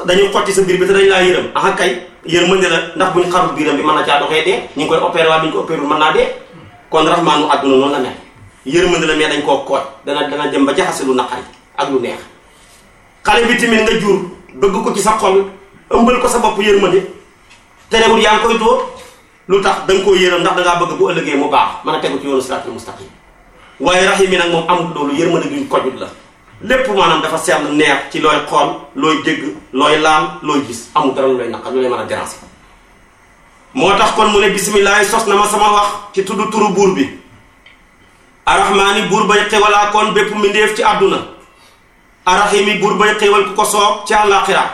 dañu xotti sa biir bi te dañ laa yërëm aha kay yërmande la ndax buñ xarul biiram bi mën na caa doxee ñu ngi koy opéré waa bi ñu ko opéré mën naa dee kon raxmaanu àdduna noonu la mel la mais dañ koo kooj dana dana dem ba jaxase lu naqari ak lu neex xale bi tamit nga jur bëgg ko ci sa xol ëmbal ko sa bopp yërmande terewul yaa ngi koy dóor lu tax da nga koo yërëm ndax dangaa bëgg bu ëllëgee mu baax mën a tegu ci yoonu siraatul mustaqim waaye raxim nag moom amut loolu yërmande duñ kojut la lépp maanaam dafa sell neex ci looy xool looy dégg looy laal looy gis amul dara lu lay naqar lu lay mën a déranger moo tax kon mu ne bisimilah sos na ma sama wax ci tudd turu buur bi arahmaani buur bay xewalaa kon bépp mbindeef ci àdduna arahimi buur bay xewal ku ko soob ci àllaaxira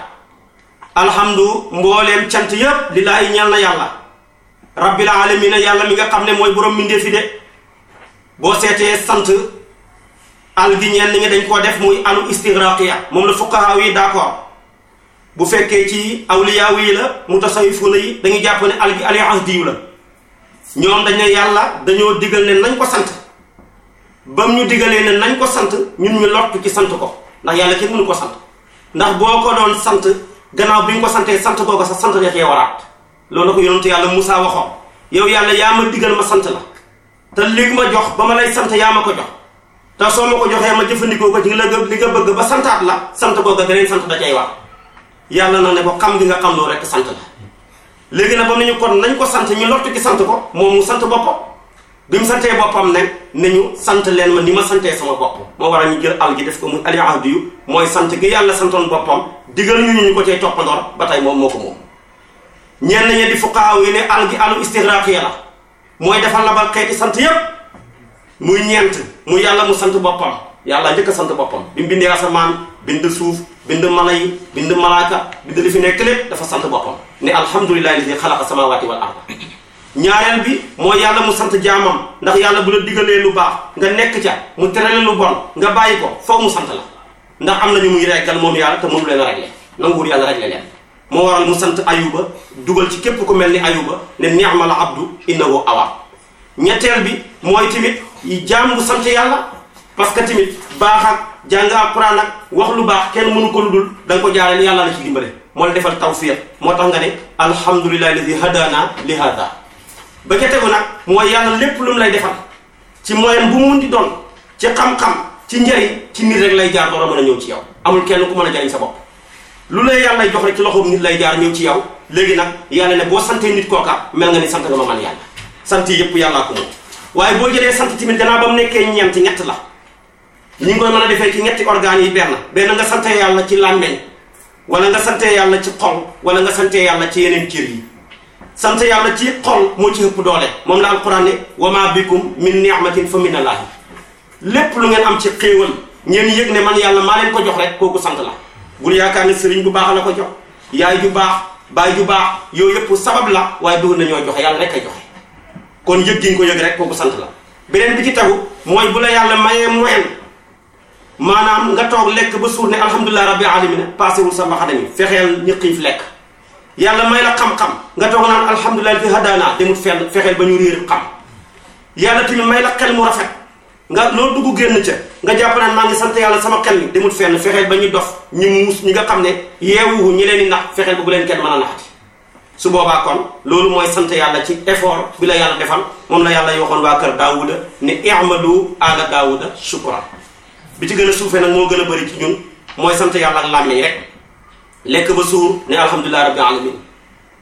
alhamdu mbooleem cant yépp lillaahi ñeel na yàlla rabbil alamina yàlla mi nga xam ne mooy borom mbindeef yi de boo seetee sant al gi ñenn ñi dañ koo def muy alu istigraqiya moom la fuqahaa yi d'accord bu fekkee ci awliyaa yii la mutasawifuuna yi dañu jàpp ne al gi al ahdiyu la ñoom dañ ne yàlla dañoo digal ne nañ ko sant bam ñu digalee ne nañ ko sant ñun ñu lottu ci sant ko ndax yàlla kenn mënu ko sant ndax boo ko doon sant gannaaw bi ñu ko santee sant koo ko sa sant nga cee waraat loolu la ko yonentu yàlla Musaa waxoon yow yàlla yaa ma digal ma sant la te li ma jox ba ma lay sant yaa ma ko jox te soo ma ko joxee ma jëfandikoo ko ci la li nga bëgg ba santaat la sant googa beneen sant da cay wax yàlla na ne ko xam gi nga xam loo rek sant la léegi nag ba ñu kon nañ ko sant ñu lottu ki sant ko moom mu sant boppam bi mu santee boppam nag ñu sant leen ma ni ma santee sama bopp moo war a ñu jël al ji def ko muy ali ahdu yu mooy sant gi yàlla santoon boppam digal ñu ñu ko cay toppandoor ba tey moom moo ko moom ñenn ñi di fuqaaw yi ne al gi alu istixraaqi la mooy dafa labal xeeti sant yépp muy ñeent mu yàlla mu sant boppam yàlla njëkk a sant boppam bi mu bindee asamaan bind suuf bind mala yi bind malaaka bind li fi nekk lépp dafa sant boppam ne alhamdulillahi lazi sama samawati wal arda ñaareel bi mooy yàlla mu sant jaamam ndax yàlla bu la diggalee lu baax nga nekk ca mu terale lu bon nga bàyyi ko foog mu sant la ndax am na ñu muy reggal moom yàlla te moom leen a regle nanguwul yàlla regle leen moo waral mu sant ayuba dugal ci képp ku mel ni ayuba ne ni'mal abdu innahu awab ñetteel bi mooy tamit jaam bu sant yàlla parce que tamit baax ak jàng alquran ak wax lu baax kenn mënu ko lu dul da nga ko jaarale yàlla la ci dimbale moo la defal tawfiq moo tax nga ne alhamdulillahi alladi hadana li hada ba ca tegu nag mooy yàlla lépp lu mu lay defal ci moyen bu mu mun di doon ci xam-xam ci njëriñ ci nit rek lay jaar door a ñëw ci yow amul kenn ku mën a jariñ sa bopp lu lay yàlla jox rek ci loxoom nit lay jaar ñëw ci yow léegi nag yàlla ne boo santee nit kooka mel nga ni sant nga ma man yàlla sant yëpp yàllaa ko moom waaye boo jëlee sant tamit danaa ba mu nekkee ñeent ñett la ñi ngi koy mën a defee ci ñetti organes yi benn benn nga sante yàlla ci làmmeñ wala nga sante yàlla ci xol wala nga sante yàlla ci yeneen cër yi sant yàlla ci xol moo ci ëpp doole moom la alquran ne wa ma bikum min ni'matin fa minallaahi lépp lu ngeen am ci xéewal ngeen yëg ne man yàlla maa leen ko jox rek kooku sant la bul yaakaar ne sëriñ bu baax la ko jox yaay ju baax baay ju baax yooyu yëpp sabab la waaye doon nañoo joxe yàlla rek a joxe kon yëg gi nga ko yëg rek kooku sant la beneen bi ci tagu mooy bu la yàlla mayee moyen maanaam nga toog lekk ba suur ne alhamdulilah rabbi alamina passé wul sa mbaxadami fexeel ñu xiif lekk yàlla may la xam-xam nga toog naan alhamdulilah fi hadana demut fenn fexeel ba ñu réer xam yàlla tamit may la xel mu rafet nga loolu dugg génn ca nga jàpp naan maa ngi sant yàlla sama xel mi demul fenn fexeel ba ñu dof ñu muus ñi nga xam ne yeewuhu ñi leen di nax fexeel ba bu leen kenn mën a naxati su boobaa kon loolu mooy sant yàlla ci effort bi la yàlla defal moom la yàlla waxoon waa kër daawuda ne i'malu ala daawuda shukra bi ci gën a suufee nag moo gën a bëri ci ñun mooy sant yàlla ak làmmiñ rek lekk ba suur ne alhamdulillahi rabbil alamin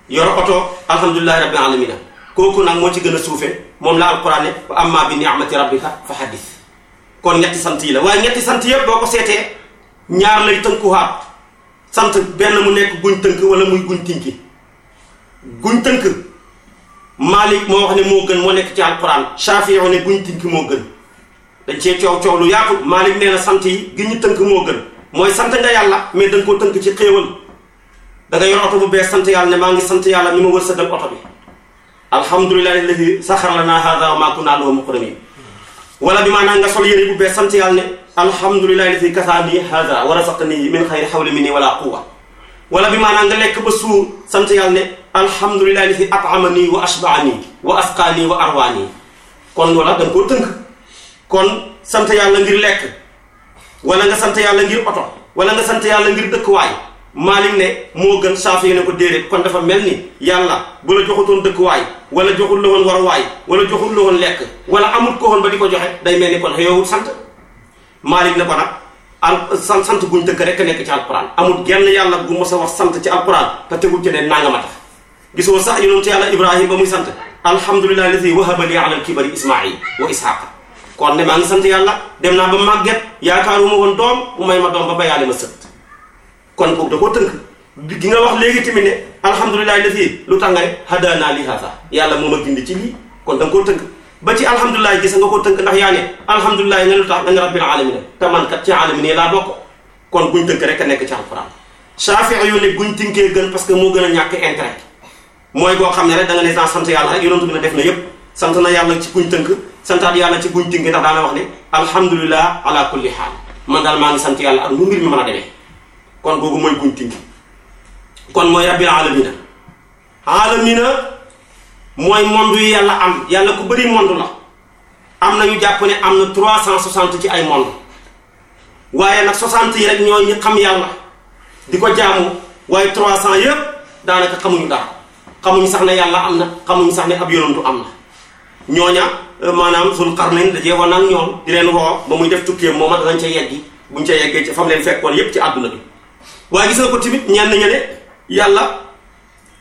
yor oto alhamdulillahi rabbil alamin kooku nag moo ci gën a suufee moom la alquran ne wa amma bi ni'mati rabbika fa hadis kon ñetti sant yi la waaye ñetti sant yëpp boo ko seetee ñaar lay tënkuwaat sant benn mu nekk guñ tënk wala muy guñ tinki guñ tënk Malik moo wax ne moo gën moo nekk ci alquran Shafi'i ne guñ tinki moo gën dañ cee coow coow lu yaatu Malik nee na sant yi gi ñu tënk moo gën mooy sant nga yàlla mais dañ koo tënk ci xéewal da nga yor oto bu bees sant yàlla ne maa ngi sant yàlla nu ma wërsëgal oto bi alhamdulillahi alladi saxara lana hada wa ma kunna lahu muqrinin wala bi maanaam nga sol yére bu bees sant yàlla ne alhamdulillahi alladi kasaani hada wa razaqani min xayri xawli minni wala quwa wala bi maanaam nga lekk ba suur sant yàlla ne alhamdulillahi alladi atamani wa ashbaani wa asqaani wa arwaani kon wala da nga koo tënk kon sant yàlla ngir lekk wala nga sant yàlla ngir oto wala nga sant yàlla ngir dëkkuwaay Maalik ne moo gën Saafi ne ko déedéet kon dafa mel ni yàlla bu la joxutoon dëkkuwaay wala joxul la woon waruwaay wala joxul la woon lekk wala amut ko woon ba di ko joxe day mel ni kon xëyoowut sant Maalik ne ko nag al sant sant guñ dëkk rek nekk ci alquran amul genn yàlla bu mos a wax sant ci alquran te tegul ci ne nanga ma tax gisoo sax yonent yàlla Ibrahima ba muy sant alhamdulillahi alladi wahaba li ala alkibari ismail wa ishaqa kon ne maa ngi sant yàlla dem naa ba màgget yaakaaruma woon doom bu may ma doom ba bayaale ma sët kon boog da koo tënk gi nga wax léegi tamit ne alhamdulilahi lafi lu tax nga ne hadana li yàlla moo ma gindi ci lii kon da koo tënk ba ci alhamdulilahi gis nga koo tënk ndax yaa ne alhamdulilahi ne lu tax nga ne rabbil alamina te man kat ci alamine laa bokk kon buñ tënk rek a nekk ci alquran Shaafi'i yu ne buñ tënkee gën parce que moo gën a ñàkk intérêt mooy koo xam ne rek da nga ne sans sant yàlla rek yonent def na yépp sant na yàlla ci kuñ tënk santaat yàlla ci kuñ tënk ndax daana wax ne alhamdulilah ala kulli xaal man daal maa ngi sant yàlla ak nu mbir mi mën a demee kon kooku mooy kuñ tënk kon mooy rabbil alamina alamina mooy monde yi yàlla am yàlla ku bëri monde la am nañu jàpp ne am na trois cent soixante ci ay monde waaye nag soixante yi rek ñoo ñu xam yàlla di ko jaamu waaye trois cent yëpp daanaka xamuñu dara xamuñu sax ne yàlla am na xamuñu sax ne ab yonantu am na ñooña euh, maanaam Zul Qarnayn dajee woon ak ñoom di leen woo ba muy def tukkeem mooma danañ ca yeggi buñ ca yeggee ca fam leen fekkoon yépp ci àdduna bi waaye gis ko tamit ñenn ña ne yàlla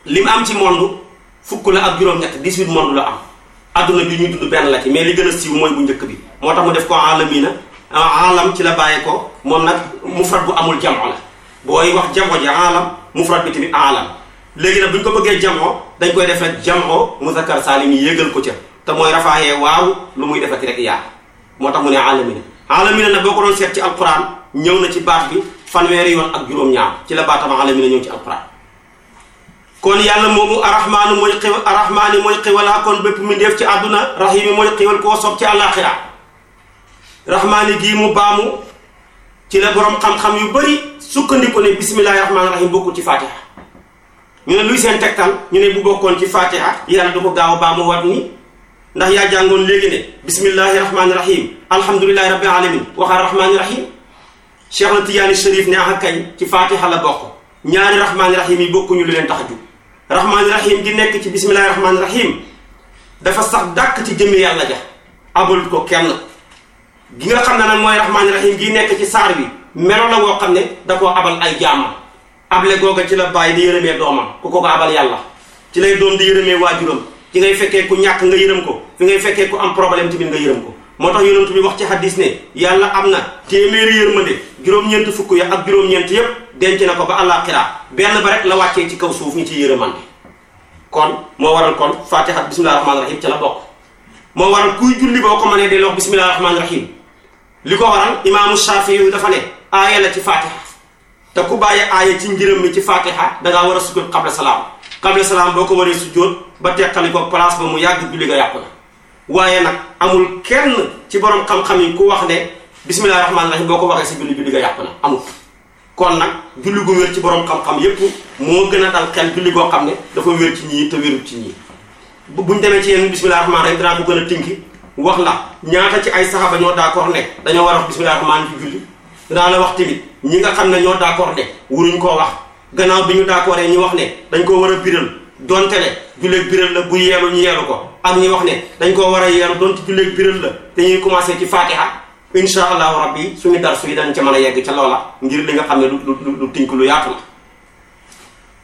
li mu am ci monde fukk la ak juróom-ñett 18 monde la am adduna bi ñuy dund benn la ci mais li gën a siiw mooy bu njëkk bi moo tax mu def ko alamina alam ci la bàyyee ko moom nag mufrad bu amul jamoo la booy wax jamoo ji alam mufrad bi tamit alam léegi nag bu ñu ko bëggee jamoo dañ koy def rek jamoo muzakkar saalim yi yéegal ko ca te mooy rafaayee waaw lu muy defati rek yaa moo tax mu ne alamina alamina nag boo ko doon seet ci alquran ñëw na ci baat bi fanweeri yoon ak juróom-ñaar ci la baatama alamina ñëw ci alquran kon yàlla moomu arahmaanu mooy xiw arahmaani mooy xiwalaa kon bépp mi ndeef ci àdduna rahimi mooy xiwal koo sob ci àllaaxira rahmaani gii mu baamu ci la borom xam-xam yu bëri sukkandiku ne bismillahi rahmaani rahim bokkul ci fatiha ñu ne luy seen tegtal ñu ne bu bokkoon ci fatiha yàlla du ko gaaw a baamu wat ni ndax yaa jàngoon léegi ne bismillahi rahmaani rahim alhamdulilahi Cheikh na Tidiane Chérif ne ah kay ci Fatiha la bokk ñaari rahmaani rahim yi bokkuñu lu leen tax a jug rahmaani rahim di nekk ci bismillahi rahmaani rahim dafa sax dàkk ci jëmmi yàlla ja abul ko kenn gi nga xam ne nag mooy rahmaani rahim gi nekk ci saar bi melo la woo xam ne da koo abal ay jaamam able googa ci la bàyyi di yërëmee doomam ku ko ko abal yàlla ci lay doom di yërëmee waajuram ci ngay fekkee ku ñàkk nga yërëm ko fi ngay fekkee ku am problème tamit nga yërëm ko moo tax yonent bi wax ci hadis ne yàlla am na téeméeri yërmande juróom-ñeent fukk ya ak juróom-ñeent yépp denc na ko ba àllaaxira benn ba rek la wàccee ci kaw suuf ñu ci yërëmande kon moo waral kon fatiha bismillahi rahmaani rahim ca la bokk moo waral kuy julli boo ko mënee delloo bismillahi rahmaani rahim li ko waral imaamu Shaafi yu dafa ne aaya la ci fatiha te ku bàyyi aaya ci njërëm mi ci fatiha dangaa war a sujjóot xabla salaam xabla boo ko waree sujjóot ba teqali ko place ba mu yàgg julli nga waaye nag amul kenn ci borom xam-xam yi ku wax ne bisimilah rahmaani rahiim boo ko waxee si julli julli ga yàqu na amul. kon nag julli gu wér ci borom xam-xam yépp moo gën a dal xel julli goo xam ne dafa wér ci ñii te wérul ci ñii demee ci yenn bisimilah rahmaani rahiim dinaa ko gën a tinki wax la ñaata ci ay saxaaba ñoo d'accord ne dañoo war a wax bisimilah rahmaani ci julli dinaa la wax tamit ñi nga xam ne ñoo d'accord ne wuruñ koo wax gannaaw bi ñu d'accordee ñu wax ne dañ koo war a biral donte ne julleeg biral la bu yeelu ñu yeelu ko am ñi wax ne dañ koo war a yar doon ci julleeg biral la te ñuy commencé ci fatiha insha allahu rabbi suñu darsu yi dañ ca mën a yegg ca loola ngir li nga xam ne lu lu lu tink lu yaatu la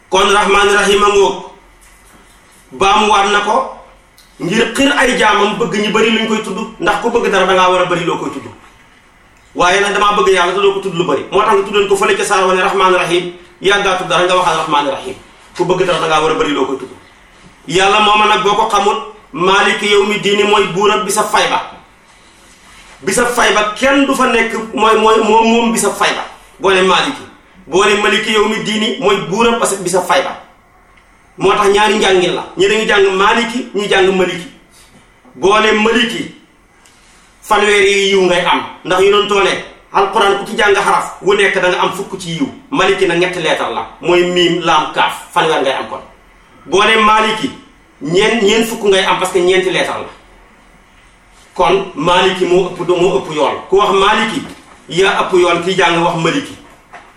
kon rahmaani rahim a ngoog na ko ngir ay jaamam bëgg ñu bari luñ koy tudd ndax ku bëgg dara dangaa war a bari loo koy waaye nag damaa bëgg yàlla te doo ko lu bari moo tax nga tuddoon ko fële ca saar wane rahmaani rahim yàggaa tudd dara nga waxal rahmaani rahim bëgg dara dangaa war a bari loo koy tudd yàlla mooma nag boo ko xamul maaliki yow mi diini mooy buurab bi sa fay ba bi sa fay ba kenn du fa nekk mooy mooy moom moom bi sa fay ba boo ne maaliki boo ne maliki mi diini mooy buurab parce que bi sa fay moo tax ñaari njàngin la ñi dañu jàng maaliki ñu jàng maliki boo ne maliki fanweeri yi yiw ngay am ndax yu doon toone alquran ku ci jàng xaraf wu nekk da am fukk ci yiw maliki na ñetti leetar la mooy miim laam kaaf fanweer ngay am kon boo ne maaliki ñeent ñeent fukk ngay am parce que ñeenti leetar la kon maaliki moo ëpp moo ëpp yool ku wax maaliki yaa ëpp yool ki jàng wax maliki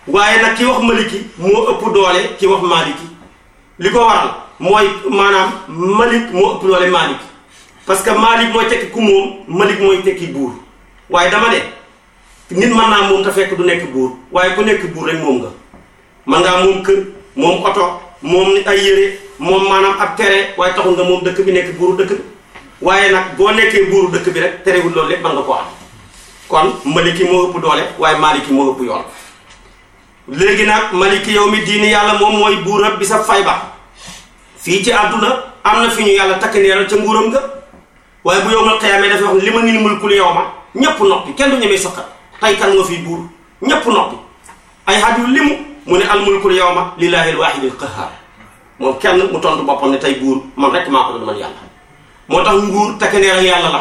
waaye nag ki wax maliki moo ëpp doole ki wax maaliki li ko mooy maanaam malik moo ëpp doole maaliki parce que malik mooy tekki ku moom malik mooy tekki buur waaye dama ne nit mën naa moom te fekk du nekk buur waaye ku nekk buur rek moom nga mën ngaa moom kër moom oto moom ni ay yére moom maanaam ab tere waaye taxul nga moom dëkk bi nekk buuru dëkk bi waaye nag boo nekkee buuru dëkk bi rek terewul loolu lépp mën nga ko am kon maliki moo ëpp doole waaye maliki moo ëpp yoon léegi nag maliki yow mi diini yàlla moom mooy buurab bi sa fay ba fii ci àdduna am na fi ñu yàlla takk neeral ca nguuram nga waaye bu yow mal xëyamee dafa wax li ma nil mulkul yow ma ñépp noppi kenn du ñemee sokkat tey kan nga fii buur ñépp mu ne ma yawma lillahi alwahidil qahhar moom kenn mu tontu boppam ne tey buur man rek maa ko doon man yàlla moo tax nguur takkandeer yàlla la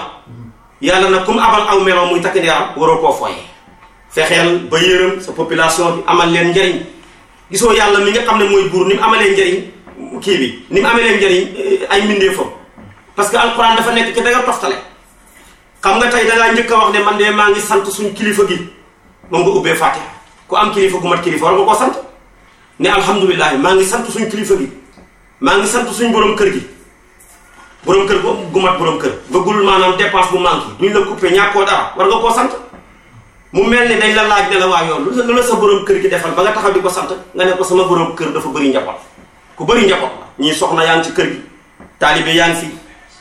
yàlla na comme abal aw meloo muy takkandeeram waroo koo fooye fexeel ba yërëm sa population bi amal leen njariñ gisoo yàlla mi nga xam ne mooy buur ni mu amalee njariñ kii bi ni mu amalee njariñ eh, ay mbindeefam parce que alquran dafa nekk ci da nga xam nga tey dangaa njëkk a wax ne man de maa ngi sant suñ kilifa gi moom nga ubbee fatiha ku am kilifa gu mat kilifa war nga koo sant ne alhamdulilah maa ngi sant suñ kilifa bi maa ngi sant suñ boroom kër gi borom kër gu mat boroom kër bëggul maanaam dépense bu manqué duñ la coupé ñàkkoo dara war nga koo sant mu mel ni dañ la laaj ne la waa yoon lu la sa borom kër gi defal ba nga taxaw di ko sant nga ne ko sama borom kër dafa bëri njaboot ku bëri njaboot ñii soxna yaa ci kër gi taalibe yaa ngi fi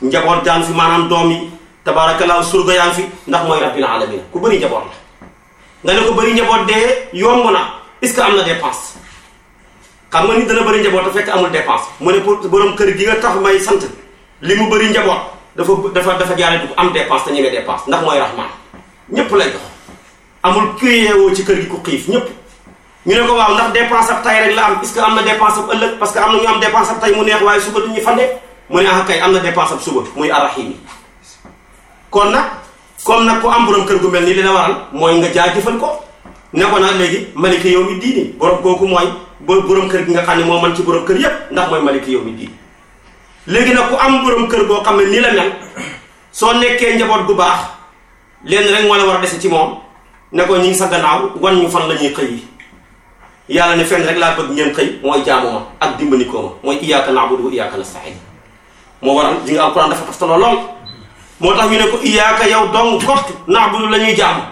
njaboot yaa ngi fi maanaam doom yi tabaarakallaa surga yaa ngi fi ndax mooy rabbil alamin ku bëri njaboot la nga ne ko bëri njaboot dee yomb na est-ce que am na dépense xam nga nit dana bëri njaboot te fekk amul dépense mu ne pour borom gi nga tax may sant li mu bëri njaboot dafa dafa dafa jaare du am dépense te ñemee dépense ndax mooy rahman ñépp lay jox amul kuyeewoo ci kër gi ku xiif ñépp ñu ne ko waaw ndax dépense ab tay rek la am est que am na dépense ab ëllëg parce que am na ñu am dépense ab tay mu neex waaye suba du ñu fande mu ne ah am na dépense ab suba muy arrahim yi kon nag comme nag ku am borom kër gu mel ni li la waral mooy nga jaajëfal ko ne ko nag léegi malika yow mi diini borom kooku mooy ba borom kër gi nga xam ne moo man ci borom kër yépp ndax mooy malika yow mi diini léegi nag ku am borom kër goo xam ne nii la mel soo nekkee njaboot gu baax lenn rek moo la war a dese ci moom ne ko ñi ngi sa gannaaw wan ñu fan la ñuy xëy yàlla ne fenn rek laa bëgg ngeen xëy mooy jaamu ak dimbali ko ma mooy iyyaka na'budu wa iyyaka nasta'in moo waral di nga alquran dafa toftaloo lool moo tax ñu ne ko iyaaka yow dong kott naabudu la ñuy jaamu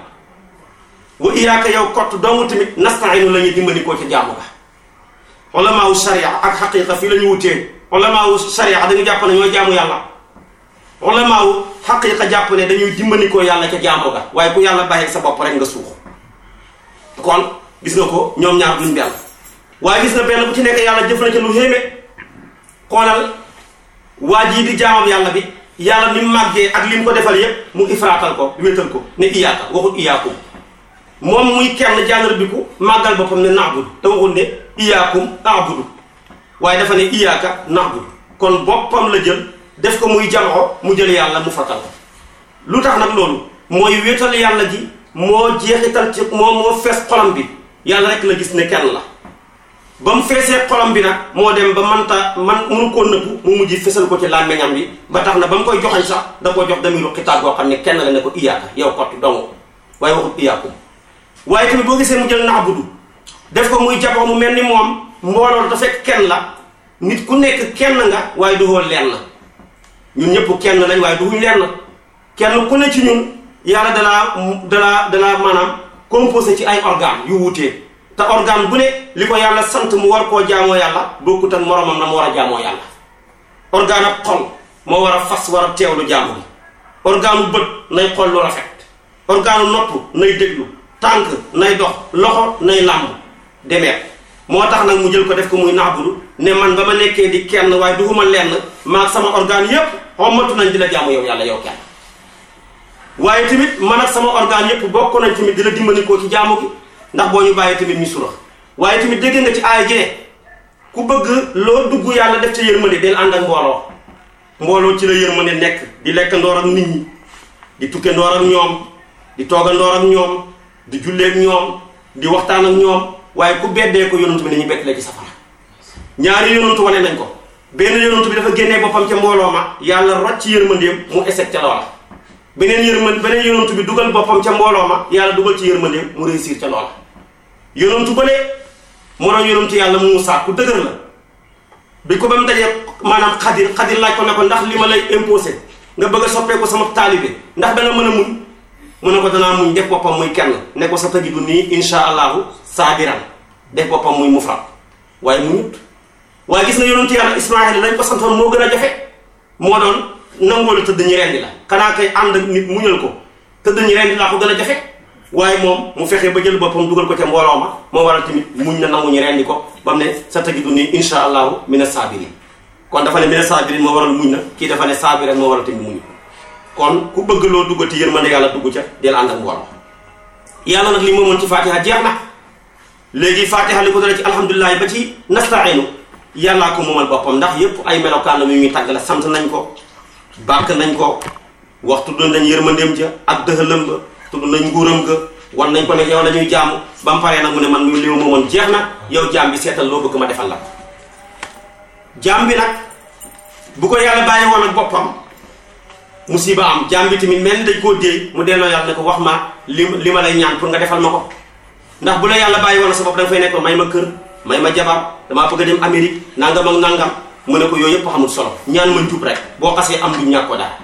wa iyaaka yow kott dong tamit nastainu la ñuy dimbandikoo ca jaamu ga ulamaawu ak xaqiqa la ñu wutee ulamaawu sariya jàpp ne ñooy yàlla ulamaawu xaqiqa jàpp dañuy dimbandikoo yàlla ca jaamu ga waaye ku yàlla bàyyi sa bopp rek nga suux kon gis na ko ñoom ñaar duñ benn waaye gis na benn bu ci nekk yàlla jëf na ca lu xéeme xoolal waa jii di jaamam yàlla bi yàlla ni mu màggee ak li mu ko defal yépp mu ifraatal ko wéetal ko ne iyaaka waxul iyaakum moom muy kenn jàngar bi ku màggal boppam ne naabudu te waxul ne iyaakum aabudu waaye dafa ne iyaaka naabudu kon boppam la jël def ko muy jalxo mu jël yàlla mu fatal ko lu tax nag loolu mooy wéetal yàlla ji moo jeexital ci moo moo fees xolam bi yàlla rek la gis ne kenn la ba mu feesee xolam bi nag moo dem ba manta man mënu koo nëbbu mu mujj fesal ko ci làmmiñam yi ba tax na ba mu koy joxañ sax da ko jox damiru xitaab boo xam ne kenn la ne ko iyaaka yow kott dong waaye waxut iyaakum waaye tamit boo gisee mu jël du def ko muy jaboo mu mel ni moom mbooloo dafa fekk kenn la nit ku nekk kenn nga waaye du woon lenn ñun ñëpp kenn lañ waaye du wuñ lenn kenn ku ne ci ñun yàlla dalaa danaa danaa manaam composé ci ay organes yu wuutee te organe bu ne li ko yàlla sant mu war koo jaamoo yàlla bokkut ak moromam na mu war a jaamoo yàlla organe ab xol moo war a fas war a lu jaamu bi organe bët nay xool lu rafet organe nopp nay déglu tànk nay dox loxo nay làmb demeet moo tax nag mu jël ko def ko muy naabudu ne man ba ma nekkee di kenn waaye duhuma lenn maag sama organe yépp xommatu nañ di la jaamu yow yàlla yow kenn waaye tamit man ak sama organe yépp bokk nañ tamit di la dimbali koo ci jaamu ndax boo ñu bàyyi tamit ñu surax waaye tamit dégg nga ci aay jee ku bëgg loo dugg yàlla def ci yërmande del ànd ak mbooloo mbooloo ci la yërmande nekk di lekkandoor ndoor ak nit ñi di tukke ndoor ak ñoom di tooga ndoor ak ñoom di jullee ak ñoom di waxtaan ak ñoom waaye ku beddee ko yonantu bi ñu bett la ci safara ñaari yonantu wane nañ ko benn yonantu bi dafa génnee boppam ca mbooloo ma yàlla rocc ci yërmandeem mu échec ca loola beneen yërmande beneen yonantu bi dugal boppam ca mbooloo ma yàlla dugal ci yërmandeem mu réussir ca loola yonantu bële moo doon yonantu yàlla Muusaa ku dëgër la bi ko ba mu dajee maanaam xadir xadir laaj ko ne ko ndax li ma lay imposé nga bëgg a soppeeku sama taalibe ndax danga mën a muñ mu ne ko danaa muñ def boppam muy kenn ne ko sa tëji nii insha allahu saadiran def boppam muy mufrad waaye muñut waaye gis nga yonantu yàlla Ismaayil lañ ko santoon moo gën a jafe moo doon nangoo la tëdd ñu rendi la xanaa kay am ak nit muñal ko tëdd ñu rendi laa ko gën a jafe waaye moom mu fexee ba jël boppam dugal ko ca mbooloo ma moo waral tamit muñ na nangu ñu rendi ko ba mu ne sa tagidu nii insha allahu mina saabiri kon dafa ne mina saabiri moo waral muñ na kii dafa ne saabiri rek moo waral tamit muñ kon ku bëgg loo duggati yërmande yàlla dugg ca del ànd ak mbooloo yàlla nag li mu mën ci fatiha jeex na léegi fatiha li ko dara ci alhamdulilah ba ci nastainu yàllaa ko moomal boppam ndax yépp ay melokaan la mu ñuy sant nañ ko bàkk nañ ko waxtu doon nañ yërmandeem ca ak dëxalam ba tudd nañ nguuram ga wan nañ ko ne yow la ñuy jaamu ba mu paree nag mu ne man li ma moomoon jeex na yow jaam bi seetal loo bëgg ma defal la ko jaam bi nag bu ko yàlla bàyyi woon na boppam musiba am jaam bi tamit dañ koo déey mu delloo yàlla ko wax ma li li ma lay ñaan pour nga defal ma ko ndax la yàlla bàyyi woon sa bopp da nga fay nekk may ma kër may ma jabar damaa bëgg dem Amérique nangam ak mu ne ko yooyu yëpp xamul solo ñaan ma njub rek boo xasee am lu ñàkkoo daal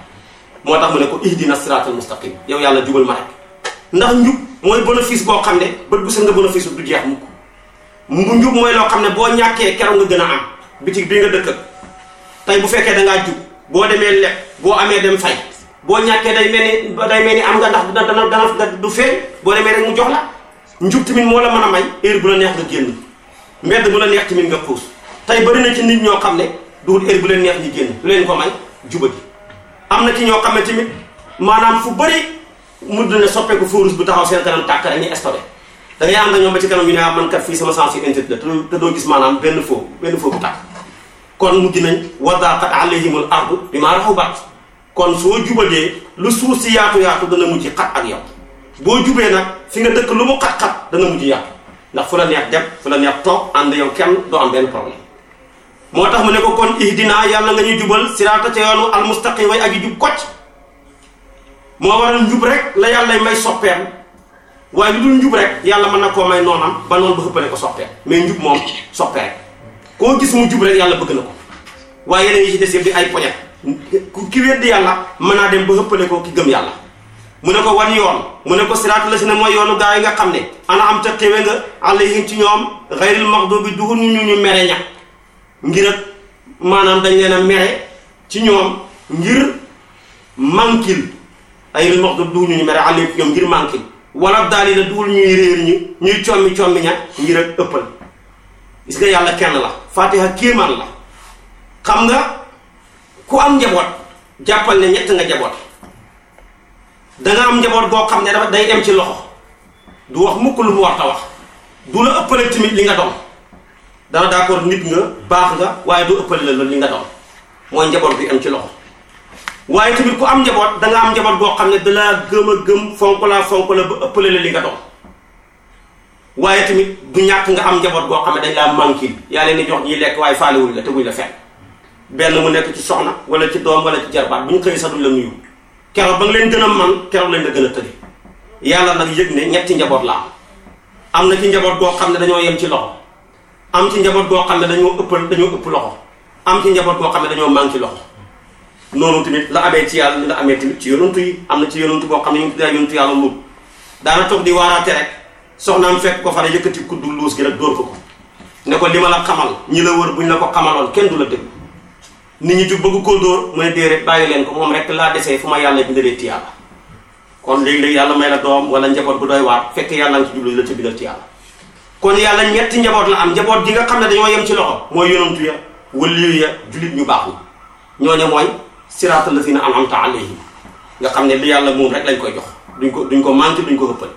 moo tax mu ne ko ihdina siratal mustaqim yow yàlla jubal ma rek ndax njub mooy bénéfice boo xam ne bët bu seen nga bénéfice bu du jeex mukk mu njub mooy loo xam ne boo ñàkkee keroog nga gën a am bitig bii nga dëkk tey bu fekkee da ngaa jub boo demee leb boo amee dem fay boo ñàkkee day mel ni day mel ni am nga ndax dana dana du feeñ boo demee rek mu jox la njub tamit moo la mën a may heure bu la neex nga génn mbedd bu la neex tamit nga xuus tey bari na ci nit ñoo xam ne duul heure bu leen neex ñu génn lu leen ko may juba ji am na ci mujj na soppeeku fóorus bu taxaw seen kanam tàkk rek ñu stocké da ngay ñoom ba ci kanam ñu ne ah man kat fii sama sens yu intérêt la te doo gis maanaam benn foo benn foo bu tàkk kon mujj nañ wa daqat alayhimul ardu bimaa rahubat kon soo jubalee lu suuf si yaatu yaatu dana mujj xat ak yow boo jubee nag fi nga dëkk lu mu xat-xat dana mujj yaatu ndax fu la neex dem fu la neex toog ànd yow kenn doo am benn problème moo tax mu ne ko kon ihdina yàlla nga ñu jubal siraata ca yoonu almustaqim way aji jub kocc moo waral njub rek la yàlla may soppeel waaye lu dul njub rek yàlla mën na koo may noonam ba noonu ba xëppale ko soppeel mais njub moom soppe rek koo gis mu jub rek yàlla bëgg na ko waaye yeneen yi ci des yëpp ay poñet ku ki weddi yàlla mën naa dem ba xëppale ko ki gëm yàlla mu ne ko wan yoon mu ne ko siraatu la si ne mooy yoonu gaa yi nga xam ne ana am ta tewe nga alayhim ci ñoom xayril maxdubi duhul ñu ñu mere ña ngir ak maanaam dañ leen a mere ci ñoom ngir mankil ay lu maxdub duwul ñu mere àll ñoom ngir manqué wala daal yi na duwul ñuy réer ñi ñuy commi commi ña ngir ak ëppal gis nga yàlla kenn la fatiha kéemaan la xam nga ku am njaboot jàppal ne ñett nga njaboot danga am njaboot boo xam ne dafa day dem ci loxo du wax mukk lu mu war ta wax du la ëppale tamit li nga doon dana d'accord nit nga baax nga waaye du ëppale la li nga doon mooy njaboot bi am ci loxo waaye tamit ku am njaboot da nga am njaboot boo xam ne da laa gëm a gëm fonk laa fonk la ba ëppale la li nga doon waaye tamit du ñàkk nga am njaboot boo xam ne dañ laa manqué yaa leen di jox waaye faalewuñ la te buñ benn mu nekk ci soxna wala ci doom wala ci jarbaat bu ñu xëy la nuyu keroog ba nga leen gën a lañ la gën a tëli yàlla nag yëg ne ñetti njaboot la am na ci njaboot boo xam ne dañoo yem ci loxo am ci njaboot boo xam ne dañoo ëppal dañoo ëpp loxo am ci njaboot boo xam ne dañoo manqué loxo loolu tamit la amee ci yàlla la amee tamit ci am na ci yonantu boo xam ne ñu ngi tuddee yonantu yàlla Luut daana toog di waaraate rek soxnaam fekk ko fa ne yëkkati kuddu luus gi rek dóor ko ko li ma la xamal ñi la wër buñ la ko xamaloon kenn du la dégg nit ñi jug bëgg koo dóor mu ne déedéet bàyyi leen ko moom rek laa desee ma yàlla bindalee ci kon léegi-léegi yàlla may la doom wala njaboot bu doy waar fekk yàlla nga ci jublu la ci bindal ci yàlla yàlla ñetti njaboot la am njaboot gi nga xam ne dañoo yem ci loxo mooy yonantu ya wëliyu ya jullit ñu baax ñooñu mooy siraatal lazina an'amta alayhim nga xam ne li yàlla moom rek lañ koy jox duñ ko duñ ko manqué duñ ko ëppal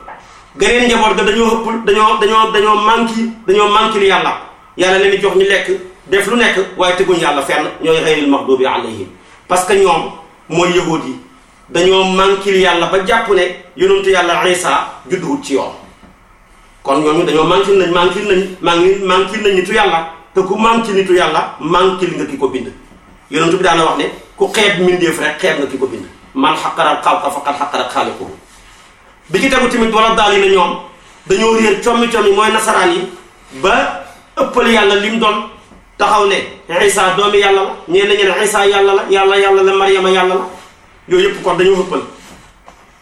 gëneen njaboot ga dañoo ëppul dañoo dañoo dañoo manqué dañoo manqué li yàlla yàlla leen di jox ñu lekk def lu nekk waaye teguñ yàlla fenn ñooy xayril maxdubi alayhim parce que ñoom mooy yahuud yi dañoo manqué li yàlla ba jàpp ne yonentu yàlla Isa judduwut ci yoon kon ñooñu dañoo manqué nañ manqué nañ manqué manqué nañ nitu yàlla te ku manqué nitu yàlla manqué li nga ki ko bind yonentu bi daana wax ne ku xeeb mbindeef rek xeeb na ki ko bind man xaqaral xalqa faqad xaqaral xaaliquhu bi ci tegu tamit wala daal yi na ñoom dañoo réer commi commi mooy nasaraan yi ba ëppal yàlla li mu doon taxaw ne Isa doomi yàlla la ñeen na ñeen Isa yàlla la yàlla yàlla la Maryama yàlla la yooyu yëpp kon dañoo ëppal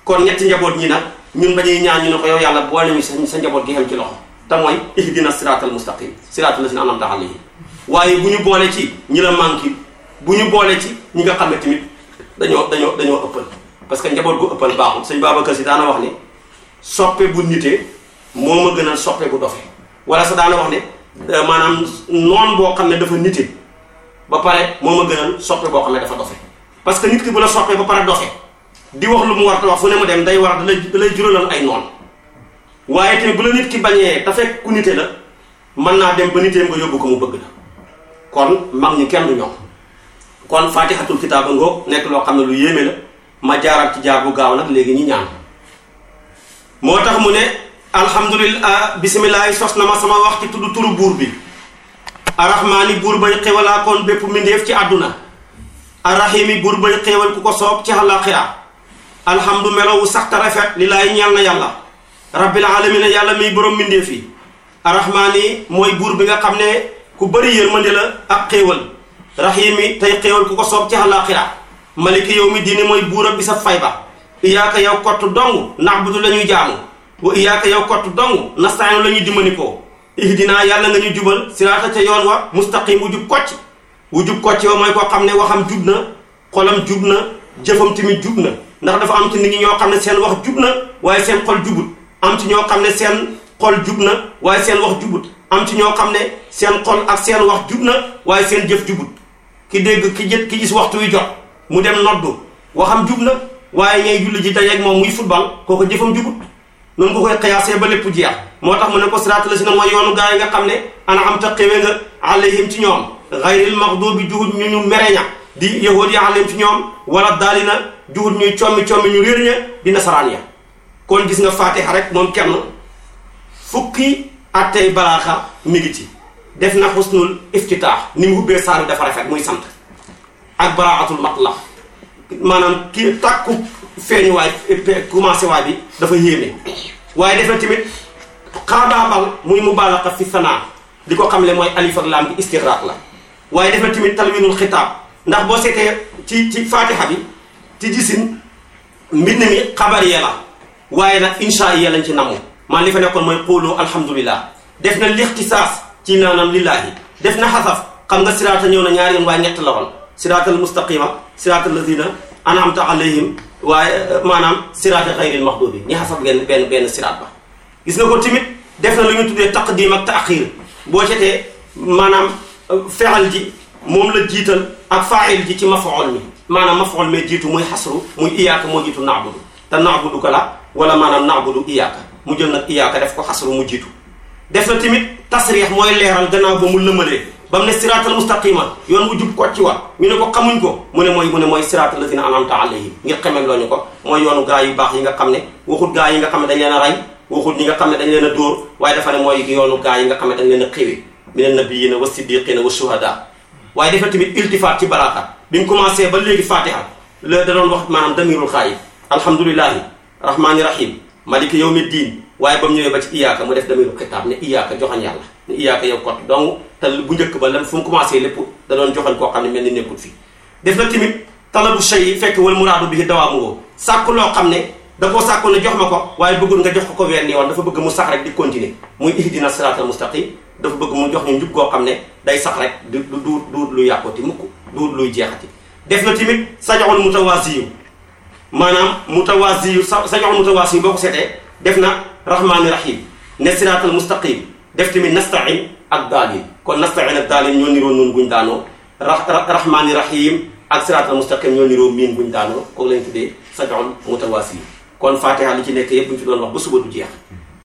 kon ñetti njaboot ñi nag ñun bañuy ñaan ñu ne ko yow yàlla boole sa njaboot ki xam ci loxo te mooy ihdina siraatal mustaqim siraatal lazina an'amta alayhim bu ñu boolee ci ñi nga xam ne tamit dañoo dañoo dañoo ëppal parce que njaboot gu ëppal baaxul sëñ Babacar si daana wax ne soppe bu nitee moo ma gënal soppe bu dofe wala sa daana wax ne euh, maanaam noon boo xam ne dafa nite ba pare moo ma gënal soppe boo xam ne dafa dofe parce que nit ki bu la soppee ba pare dofe di wax lu mu war a wax fu ne ma dem day war dalay dalay juralal ay noon waaye tamit bu la nit ki bañee te fekk ku nite la mën naa dem ba niteem nga yóbbu ko mu bëgg la kon mag ñi kenn du ñoom kon faatixatul kitaab a nekk loo xam ne lu yéeme la ma jaaral ci jaar bu gaaw nag léegi ñi ñaan moo tax mu ne alhamdulillah ah, bisimilah sos na ma sama wax ci tudd turu buur bi arrahmaani buur bay xewalaakoon bépp mindéef ci àdduna arrahimi buur bay xewal ku ko soob ci àllaaxira alhamdu melowu saxta rafet li laay ñeel yàlla rabbil alamina yàlla miy borom mindéef yi arrahmaani mooy buur bi nga xam ne ku bari yërmande la ak xéewal rahim yi tey xéewal ku ko soob ci àllaaxira maliki yow mi diine mooy buurab bi sa fay ba iyaaka yow kott dong na'budu la ñuy jaamu wa iyaaka yow kott dong nasta'iin la ñuy dimbanikoo dinaa yàlla nga ñu jubal siraata ca yoon wa mustaqim wu jub kocc wu jub kocc wa mooy koo xam ne waxam jub na xolam jub na jëfam tamit jub na ndax dafa am ci nit ñi ñoo xam ne seen wax jub na waaye seen xol jubut am ci ñoo xam ne seen xol jub na waaye seen wax jubut am ci ñoo xam ne seen xol ak seen wax jub na waaye seen jëf jubut ki dégg ki jët ki is waxtu wi jot mu dem noddu waxam jub na waaye ñay julli ji dajeeg moom muy football kooku jëfam jubut noonu nga koy xiyaasee ba lépp jeex moo tax mu ne ko siraat la si na mooy yoonu gaa yi nga xam ne ana am ta xéwe nga alayhim ci ñoom xayril maxdubi juhut ñu ñu mere ña di yi alayhim ci ñoom wala daalina juhut ñuy commi commi ñu réer ña di nasaraan ya kon gis nga fatiha rek moom kenn fukki attey balaaxa mi ngi ci def na xusnul iftitaax ni mu ubbee saar bi dafa rafet muy sant ak baraatul matlax maanaam kii tàkku feeñ waay commencé bi dafa yéeme waaye def na tamit xaabaabal muy mubaalaqa fi sanaa di ko xamle mooy alif laam bi istiraat la waaye def na tamit talwinul xitaab ndax boo seetee ci ci faatiha bi ci gisin mbind mi xabariya la waaye nag insha ya lañ ci namu maa li fa nekkoon mooy qulu alhamdulillah def na lixtisaas ci maanaam lillaahi def na xasaf xam nga siraata ñëw na ñaari yoon waaye ñett la woon siraatal mustaqima siraatal lazina an'amta alayhim waaye maanaam a siraata xayril maxdubi ñi xasaf benn benn benn siraat ba gis nga ko tamit def na lu ñu tuddee taqdim ak taaxir boo cetee maanaam fexal ji moom la jiital ak faa'il ji ci mafaol mi maanaam mafaol mee jiitu muy xasru muy iyaaka moo jiitu naabudu te naabudu ka la wala maanaam naabudu iyaaka mu jël nag iyaaka def ko xasru mu jiitu def na tamit tasriix mooy leeral gannaaw ba mu lëmalee ba a ne siraatal mustaqima yoon wu ko ci wa ñu ne ko xamuñ ko mu ne mooy mu ne mooy siraatal lazina anamta alayhim ngir xemem loo ñu ko mooy yoonu gaa yu baax nga xam ne waxut nga xam ne a rey waxut ñi nga xam ne dañ leen a dóor waaye dafa ne mooy yoonu xam ne dañ leen a xiwe minan nabiyina wa siddiqina wa shuhada waaye dafa tamit iltifaat ci baraka bi mu commencé ba léegi fatiha la da doon wax maanaam damirul xaayib alhamdulilahi diin waaye ba mu ñëwee ba ci iyaaka mu def damiru xitaab ne iyaaka joxañ yàlla ne iyaaka yow kot donc te bu njëkk ba lan fu mu commencé lépp da doon joxañ koo xam ne mel ni nekkul fii def na tamit talabu shay fekk wal muraadu bihi dawaamuhu sàkku loo xam ne da koo ne jox ma ko waaye bëggul nga jox ko ko weer nii woon dafa bëgg mu sax rek di continuer muy ihdina siraatal mustaqim dafa bëgg mu jox ñu njub koo xam ne day sax rek du du du luy yàqooti mukk du luy jeexati def na tamit sajoxul mutawaasi yu maanaam mutawaasi yu sa sajoxul mutawaasi yu boo ko seetee def na rahmaani rahim ne siraatal mustaqim def tamit nastain ak daalin kon nastain ak daalin ñoo niroo noonu guñ daanoo rahmaani rahim ak siraatal mustaqim ñoo niroo miin guñ daanoo kooku lañ tuddee sabiul mutawasil kon fatiha li ci nekk yépp buñ ci doon wax ba suba du jeex